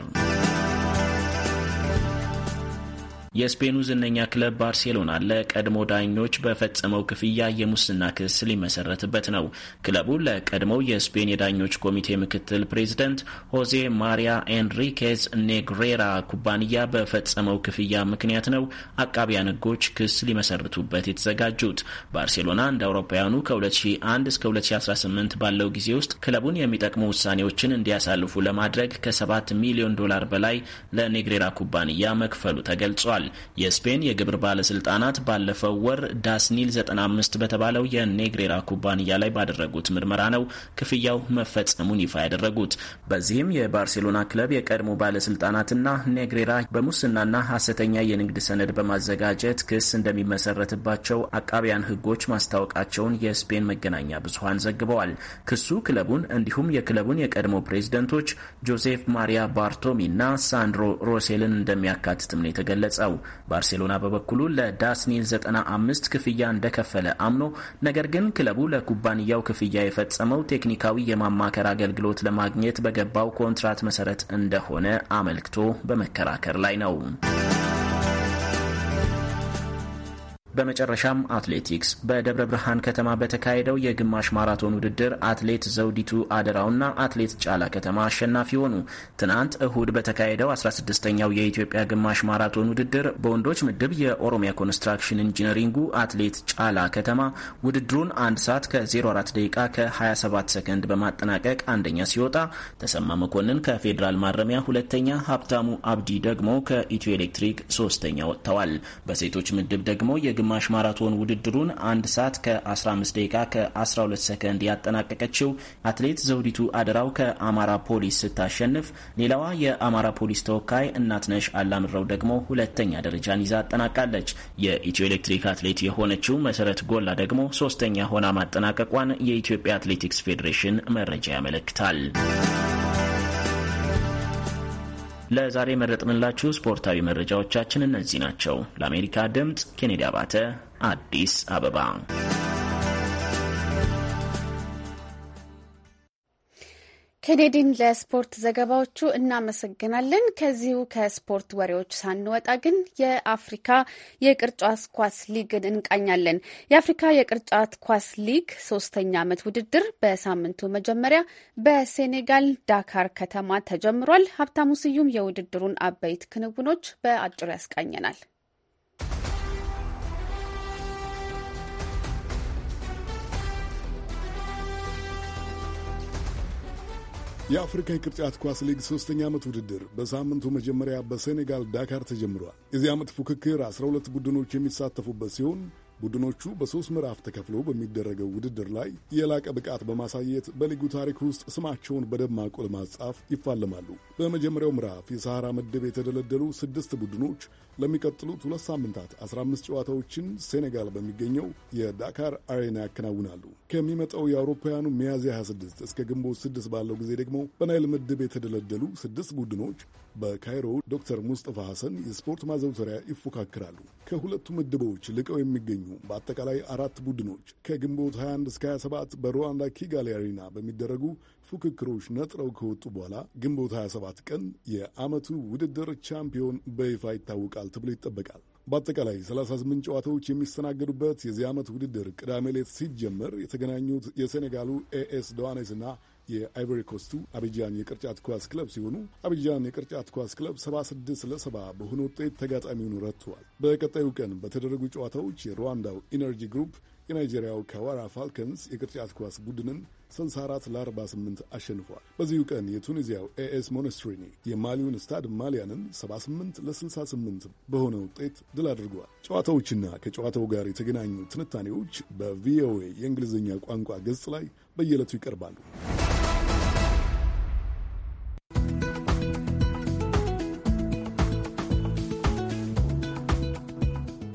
የስፔኑ ዝነኛ ክለብ ባርሴሎና ለቀድሞ ዳኞች በፈጸመው ክፍያ የሙስና ክስ ሊመሰረትበት ነው። ክለቡ ለቀድሞው የስፔን የዳኞች ኮሚቴ ምክትል ፕሬዚደንት ሆዜ ማሪያ ኤንሪኬዝ ኔግሬራ ኩባንያ በፈጸመው ክፍያ ምክንያት ነው አቃቢያን ሕጎች ክስ ሊመሰርቱበት የተዘጋጁት። ባርሴሎና እንደ አውሮፓውያኑ ከ2001 እስከ 2018 ባለው ጊዜ ውስጥ ክለቡን የሚጠቅሙ ውሳኔዎችን እንዲያሳልፉ ለማድረግ ከ7 ሚሊዮን ዶላር በላይ ለኔግሬራ ኩባንያ መክፈሉ ተገልጿል። ገልጸዋል። የስፔን የግብር ባለስልጣናት ባለፈው ወር ዳስኒል 95 በተባለው የኔግሬራ ኩባንያ ላይ ባደረጉት ምርመራ ነው ክፍያው መፈጸሙን ይፋ ያደረጉት። በዚህም የባርሴሎና ክለብ የቀድሞ ባለስልጣናትና ኔግሬራ በሙስናና ሐሰተኛ የንግድ ሰነድ በማዘጋጀት ክስ እንደሚመሰረትባቸው አቃቢያን ህጎች ማስታወቃቸውን የስፔን መገናኛ ብዙሀን ዘግበዋል። ክሱ ክለቡን እንዲሁም የክለቡን የቀድሞ ፕሬዝደንቶች ጆሴፍ ማሪያ ባርቶሚ እና ሳንድሮ ሮሴልን እንደሚያካትትም ነው የተገለጸው። ነው። ባርሴሎና በበኩሉ ለዳስኒል 95 ክፍያ እንደከፈለ አምኖ ነገር ግን ክለቡ ለኩባንያው ክፍያ የፈጸመው ቴክኒካዊ የማማከር አገልግሎት ለማግኘት በገባው ኮንትራት መሰረት እንደሆነ አመልክቶ በመከራከር ላይ ነው። በመጨረሻም አትሌቲክስ በደብረ ብርሃን ከተማ በተካሄደው የግማሽ ማራቶን ውድድር አትሌት ዘውዲቱ አደራውና አትሌት ጫላ ከተማ አሸናፊ ሆኑ። ትናንት እሁድ በተካሄደው 16ኛው የኢትዮጵያ ግማሽ ማራቶን ውድድር በወንዶች ምድብ የኦሮሚያ ኮንስትራክሽን ኢንጂነሪንጉ አትሌት ጫላ ከተማ ውድድሩን አንድ ሰዓት ከ04 ደቂቃ ከ27 ሰከንድ በማጠናቀቅ አንደኛ ሲወጣ፣ ተሰማ መኮንን ከፌዴራል ማረሚያ ሁለተኛ፣ ሀብታሙ አብዲ ደግሞ ከኢትዮ ኤሌክትሪክ ሶስተኛ ወጥተዋል። በሴቶች ምድብ ደግሞ የግማሽ ማራቶን ውድድሩን አንድ ሰዓት ከ15 ደቂቃ ከ12 ሰከንድ ያጠናቀቀችው አትሌት ዘውዲቱ አደራው ከአማራ ፖሊስ ስታሸንፍ፣ ሌላዋ የአማራ ፖሊስ ተወካይ እናትነሽ አላምረው ደግሞ ሁለተኛ ደረጃን ይዛ አጠናቃለች። የኢትዮ ኤሌክትሪክ አትሌት የሆነችው መሰረት ጎላ ደግሞ ሶስተኛ ሆና ማጠናቀቋን የኢትዮጵያ አትሌቲክስ ፌዴሬሽን መረጃ ያመለክታል። ለዛሬ መረጥንላችሁ ስፖርታዊ መረጃዎቻችን እነዚህ ናቸው። ለአሜሪካ ድምፅ ኬኔዲ አባተ አዲስ አበባ ኬኔዲን ለስፖርት ዘገባዎቹ እናመሰግናለን። ከዚሁ ከስፖርት ወሬዎች ሳንወጣ ግን የአፍሪካ የቅርጫት ኳስ ሊግን እንቃኛለን። የአፍሪካ የቅርጫት ኳስ ሊግ ሶስተኛ ዓመት ውድድር በሳምንቱ መጀመሪያ በሴኔጋል ዳካር ከተማ ተጀምሯል። ሀብታሙ ስዩም የውድድሩን አበይት ክንውኖች በአጭሩ ያስቃኘናል። የአፍሪካ የቅርጫት ኳስ ሊግ ሶስተኛ ዓመት ውድድር በሳምንቱ መጀመሪያ በሴኔጋል ዳካር ተጀምሯል። የዚህ ዓመት ፉክክር 12 ቡድኖች የሚሳተፉበት ሲሆን ቡድኖቹ በሶስት ምዕራፍ ተከፍሎ በሚደረገው ውድድር ላይ የላቀ ብቃት በማሳየት በሊጉ ታሪክ ውስጥ ስማቸውን በደማቁ ለማጻፍ ይፋለማሉ። በመጀመሪያው ምዕራፍ የሰሐራ ምድብ የተደለደሉ ስድስት ቡድኖች ለሚቀጥሉት ሁለት ሳምንታት 15 ጨዋታዎችን ሴኔጋል በሚገኘው የዳካር አሬና ያከናውናሉ። ከሚመጣው የአውሮፓውያኑ ሚያዝያ 26 እስከ ግንቦት 6 ባለው ጊዜ ደግሞ በናይል ምድብ የተደለደሉ ስድስት ቡድኖች በካይሮ ዶክተር ሙስጠፋ ሐሰን የስፖርት ማዘውተሪያ ይፎካከራሉ። ከሁለቱ ምድቦች ልቀው የሚገኙ በአጠቃላይ አራት ቡድኖች ከግንቦት 21 እስከ 27 በሩዋንዳ ኪጋሊ አሪና በሚደረጉ ፉክክሮች ነጥረው ከወጡ በኋላ ግንቦት 27 ቀን የዓመቱ ውድድር ቻምፒዮን በይፋ ይታወቃል ተብሎ ይጠበቃል። በአጠቃላይ 38 ጨዋታዎች የሚስተናገዱበት የዚህ ዓመት ውድድር ቅዳሜ ሌት ሲጀመር የተገናኙት የሴኔጋሉ ኤኤስ ደዋኔስና የአይቨሪ ኮስቱ አቢጃን የቅርጫት ኳስ ክለብ ሲሆኑ አቢጃን የቅርጫት ኳስ ክለብ 76 ለ በሆነ ውጤት ተጋጣሚውን ረትተዋል። በቀጣዩ ቀን በተደረጉ ጨዋታዎች የሩዋንዳው ኢነርጂ ግሩፕ የናይጄሪያው ካዋራ ፋልከንስ የቅርጫት ኳስ ቡድንን 64 ለ48 አሸንፏል። በዚሁ ቀን የቱኒዚያው ኤኤስ ሞነስትሪኒ የማሊውን ስታድ ማሊያንን 78 ለ68 በሆነ ውጤት ድል አድርጓል። ጨዋታዎችና ከጨዋታው ጋር የተገናኙ ትንታኔዎች በቪኦኤ የእንግሊዝኛ ቋንቋ ገጽ ላይ በየዕለቱ ይቀርባሉ።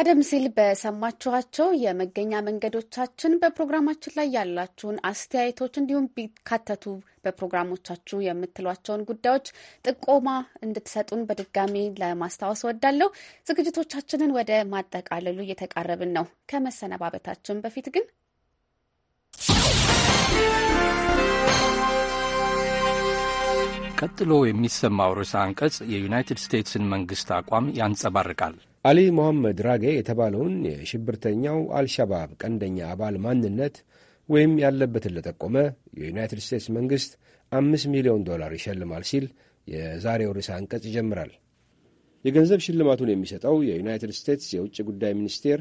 ቀደም ሲል በሰማችኋቸው የመገኛ መንገዶቻችን በፕሮግራማችን ላይ ያላችሁን አስተያየቶች እንዲሁም ቢካተቱ በፕሮግራሞቻችሁ የምትሏቸውን ጉዳዮች ጥቆማ እንድትሰጡን በድጋሚ ለማስታወስ ወዳለሁ ዝግጅቶቻችንን ወደ ማጠቃለሉ እየተቃረብን ነው። ከመሰነባበታችን በፊት ግን ቀጥሎ የሚሰማው ርዕሰ አንቀጽ የዩናይትድ ስቴትስን መንግስት አቋም ያንጸባርቃል። አሊ ሞሐመድ ራጌ የተባለውን የሽብርተኛው አልሻባብ ቀንደኛ አባል ማንነት ወይም ያለበትን ለጠቆመ የዩናይትድ ስቴትስ መንግሥት አምስት ሚሊዮን ዶላር ይሸልማል ሲል የዛሬው ርዕሰ አንቀጽ ይጀምራል። የገንዘብ ሽልማቱን የሚሰጠው የዩናይትድ ስቴትስ የውጭ ጉዳይ ሚኒስቴር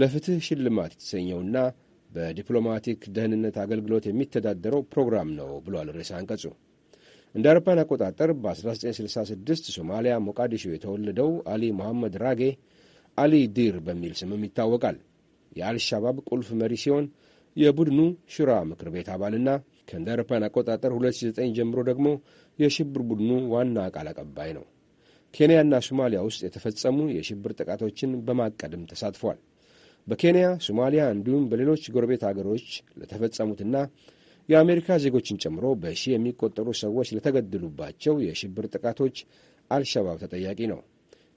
ለፍትሕ ሽልማት የተሰኘውና በዲፕሎማቲክ ደህንነት አገልግሎት የሚተዳደረው ፕሮግራም ነው ብሏል ርዕሰ አንቀጹ። እንደ አውሮፓን አቆጣጠር በ1966 ሶማሊያ ሞቃዲሾ የተወለደው አሊ መሐመድ ራጌ አሊ ዲር በሚል ስምም ይታወቃል። የአልሻባብ ቁልፍ መሪ ሲሆን የቡድኑ ሹራ ምክር ቤት አባልና ከእንደ አውሮፓን አቆጣጠር 2009 ጀምሮ ደግሞ የሽብር ቡድኑ ዋና ቃል አቀባይ ነው። ኬንያና ሶማሊያ ውስጥ የተፈጸሙ የሽብር ጥቃቶችን በማቀድም ተሳትፏል። በኬንያ ሶማሊያ፣ እንዲሁም በሌሎች ጎረቤት አገሮች ለተፈጸሙትና የአሜሪካ ዜጎችን ጨምሮ በሺ የሚቆጠሩ ሰዎች ለተገደሉባቸው የሽብር ጥቃቶች አልሸባብ ተጠያቂ ነው።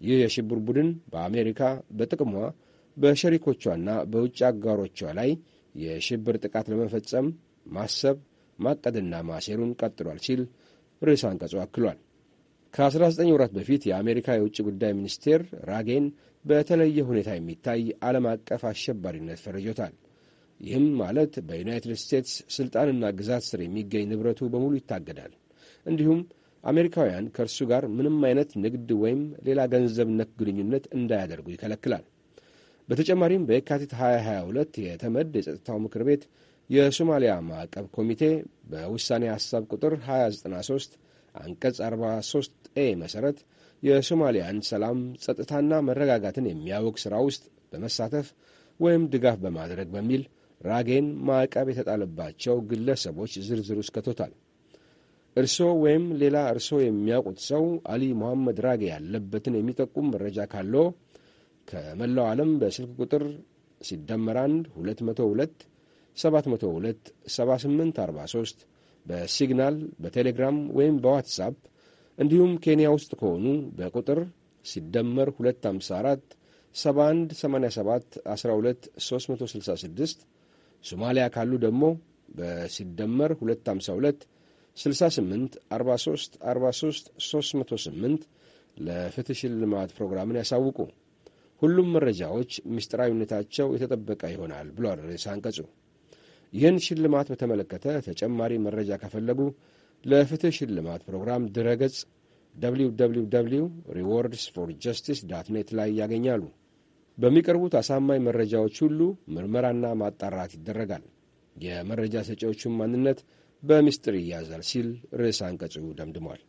ይህ የሽብር ቡድን በአሜሪካ በጥቅሟ በሸሪኮቿና በውጭ አጋሮቿ ላይ የሽብር ጥቃት ለመፈጸም ማሰብ ማቀድና ማሴሩን ቀጥሏል ሲል ርዕሰ አንቀጹ አክሏል። ከ19 ወራት በፊት የአሜሪካ የውጭ ጉዳይ ሚኒስቴር ራጌን በተለየ ሁኔታ የሚታይ ዓለም አቀፍ አሸባሪነት ፈርጆታል። ይህም ማለት በዩናይትድ ስቴትስ ስልጣንና ግዛት ስር የሚገኝ ንብረቱ በሙሉ ይታገዳል። እንዲሁም አሜሪካውያን ከእርሱ ጋር ምንም አይነት ንግድ ወይም ሌላ ገንዘብ ነክ ግንኙነት እንዳያደርጉ ይከለክላል። በተጨማሪም በየካቲት 2022 የተመድ የጸጥታው ምክር ቤት የሶማሊያ ማዕቀብ ኮሚቴ በውሳኔ ሐሳብ ቁጥር 293 አንቀጽ 43 ኤ መሠረት የሶማሊያን ሰላም ጸጥታና መረጋጋትን የሚያወቅ ሥራ ውስጥ በመሳተፍ ወይም ድጋፍ በማድረግ በሚል ራጌን ማዕቀብ የተጣለባቸው ግለሰቦች ዝርዝር ውስጥ ከቶታል። እርሶ ወይም ሌላ እርሶ የሚያውቁት ሰው አሊ መሐመድ ራጌ ያለበትን የሚጠቁም መረጃ ካለው ከመላው ዓለም በስልክ ቁጥር ሲደመር 1 202 702 7843 በሲግናል በቴሌግራም ወይም በዋትሳፕ እንዲሁም ኬንያ ውስጥ ከሆኑ በቁጥር ሲደመር 254 7187 12 366 ሶማሊያ ካሉ ደግሞ በሲደመር 252 68 43 43 308 ለፍትህ ሽልማት ፕሮግራምን ያሳውቁ። ሁሉም መረጃዎች ምስጢራዊነታቸው የተጠበቀ ይሆናል ብሏል ርዕሰ አንቀጹ። ይህን ሽልማት በተመለከተ ተጨማሪ መረጃ ከፈለጉ ለፍትህ ሽልማት ፕሮግራም ድረገጽ www ሪዋርድስ ፎር ጀስቲስ ዳት ኔት ላይ ያገኛሉ። በሚቀርቡት አሳማኝ መረጃዎች ሁሉ ምርመራና ማጣራት ይደረጋል። የመረጃ ሰጪዎቹን ማንነት በምስጢር ይያዛል ሲል ርዕስ አንቀጹ ደምድሟል።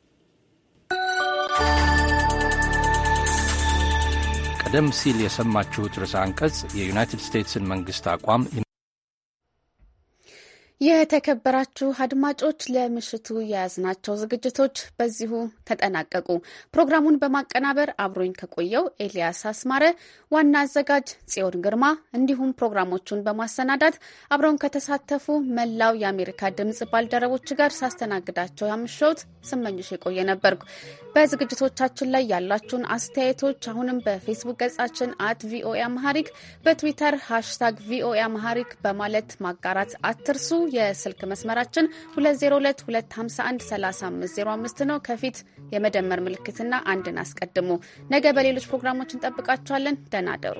ቀደም ሲል የሰማችሁት ርዕስ አንቀጽ የዩናይትድ ስቴትስን መንግሥት አቋም የተከበራችሁ አድማጮች ለምሽቱ የያዝናቸው ዝግጅቶች በዚሁ ተጠናቀቁ። ፕሮግራሙን በማቀናበር አብሮኝ ከቆየው ኤልያስ አስማረ፣ ዋና አዘጋጅ ጽዮን ግርማ እንዲሁም ፕሮግራሞቹን በማሰናዳት አብረውን ከተሳተፉ መላው የአሜሪካ ድምጽ ባልደረቦች ጋር ሳስተናግዳቸው ያምሾት ስመኝሽ የቆየ ነበርኩ። በዝግጅቶቻችን ላይ ያላችሁን አስተያየቶች አሁንም በፌስቡክ ገጻችን አት ቪኦኤ አምሃሪክ በትዊተር ሃሽታግ ቪኦኤ አምሃሪክ በማለት ማጋራት አትርሱ። የስልክ መስመራችን 2022513505 ነው። ከፊት የመደመር ምልክትና አንድን አስቀድሙ። ነገ በሌሎች ፕሮግራሞች እንጠብቃችኋለን። ደህና ደሩ።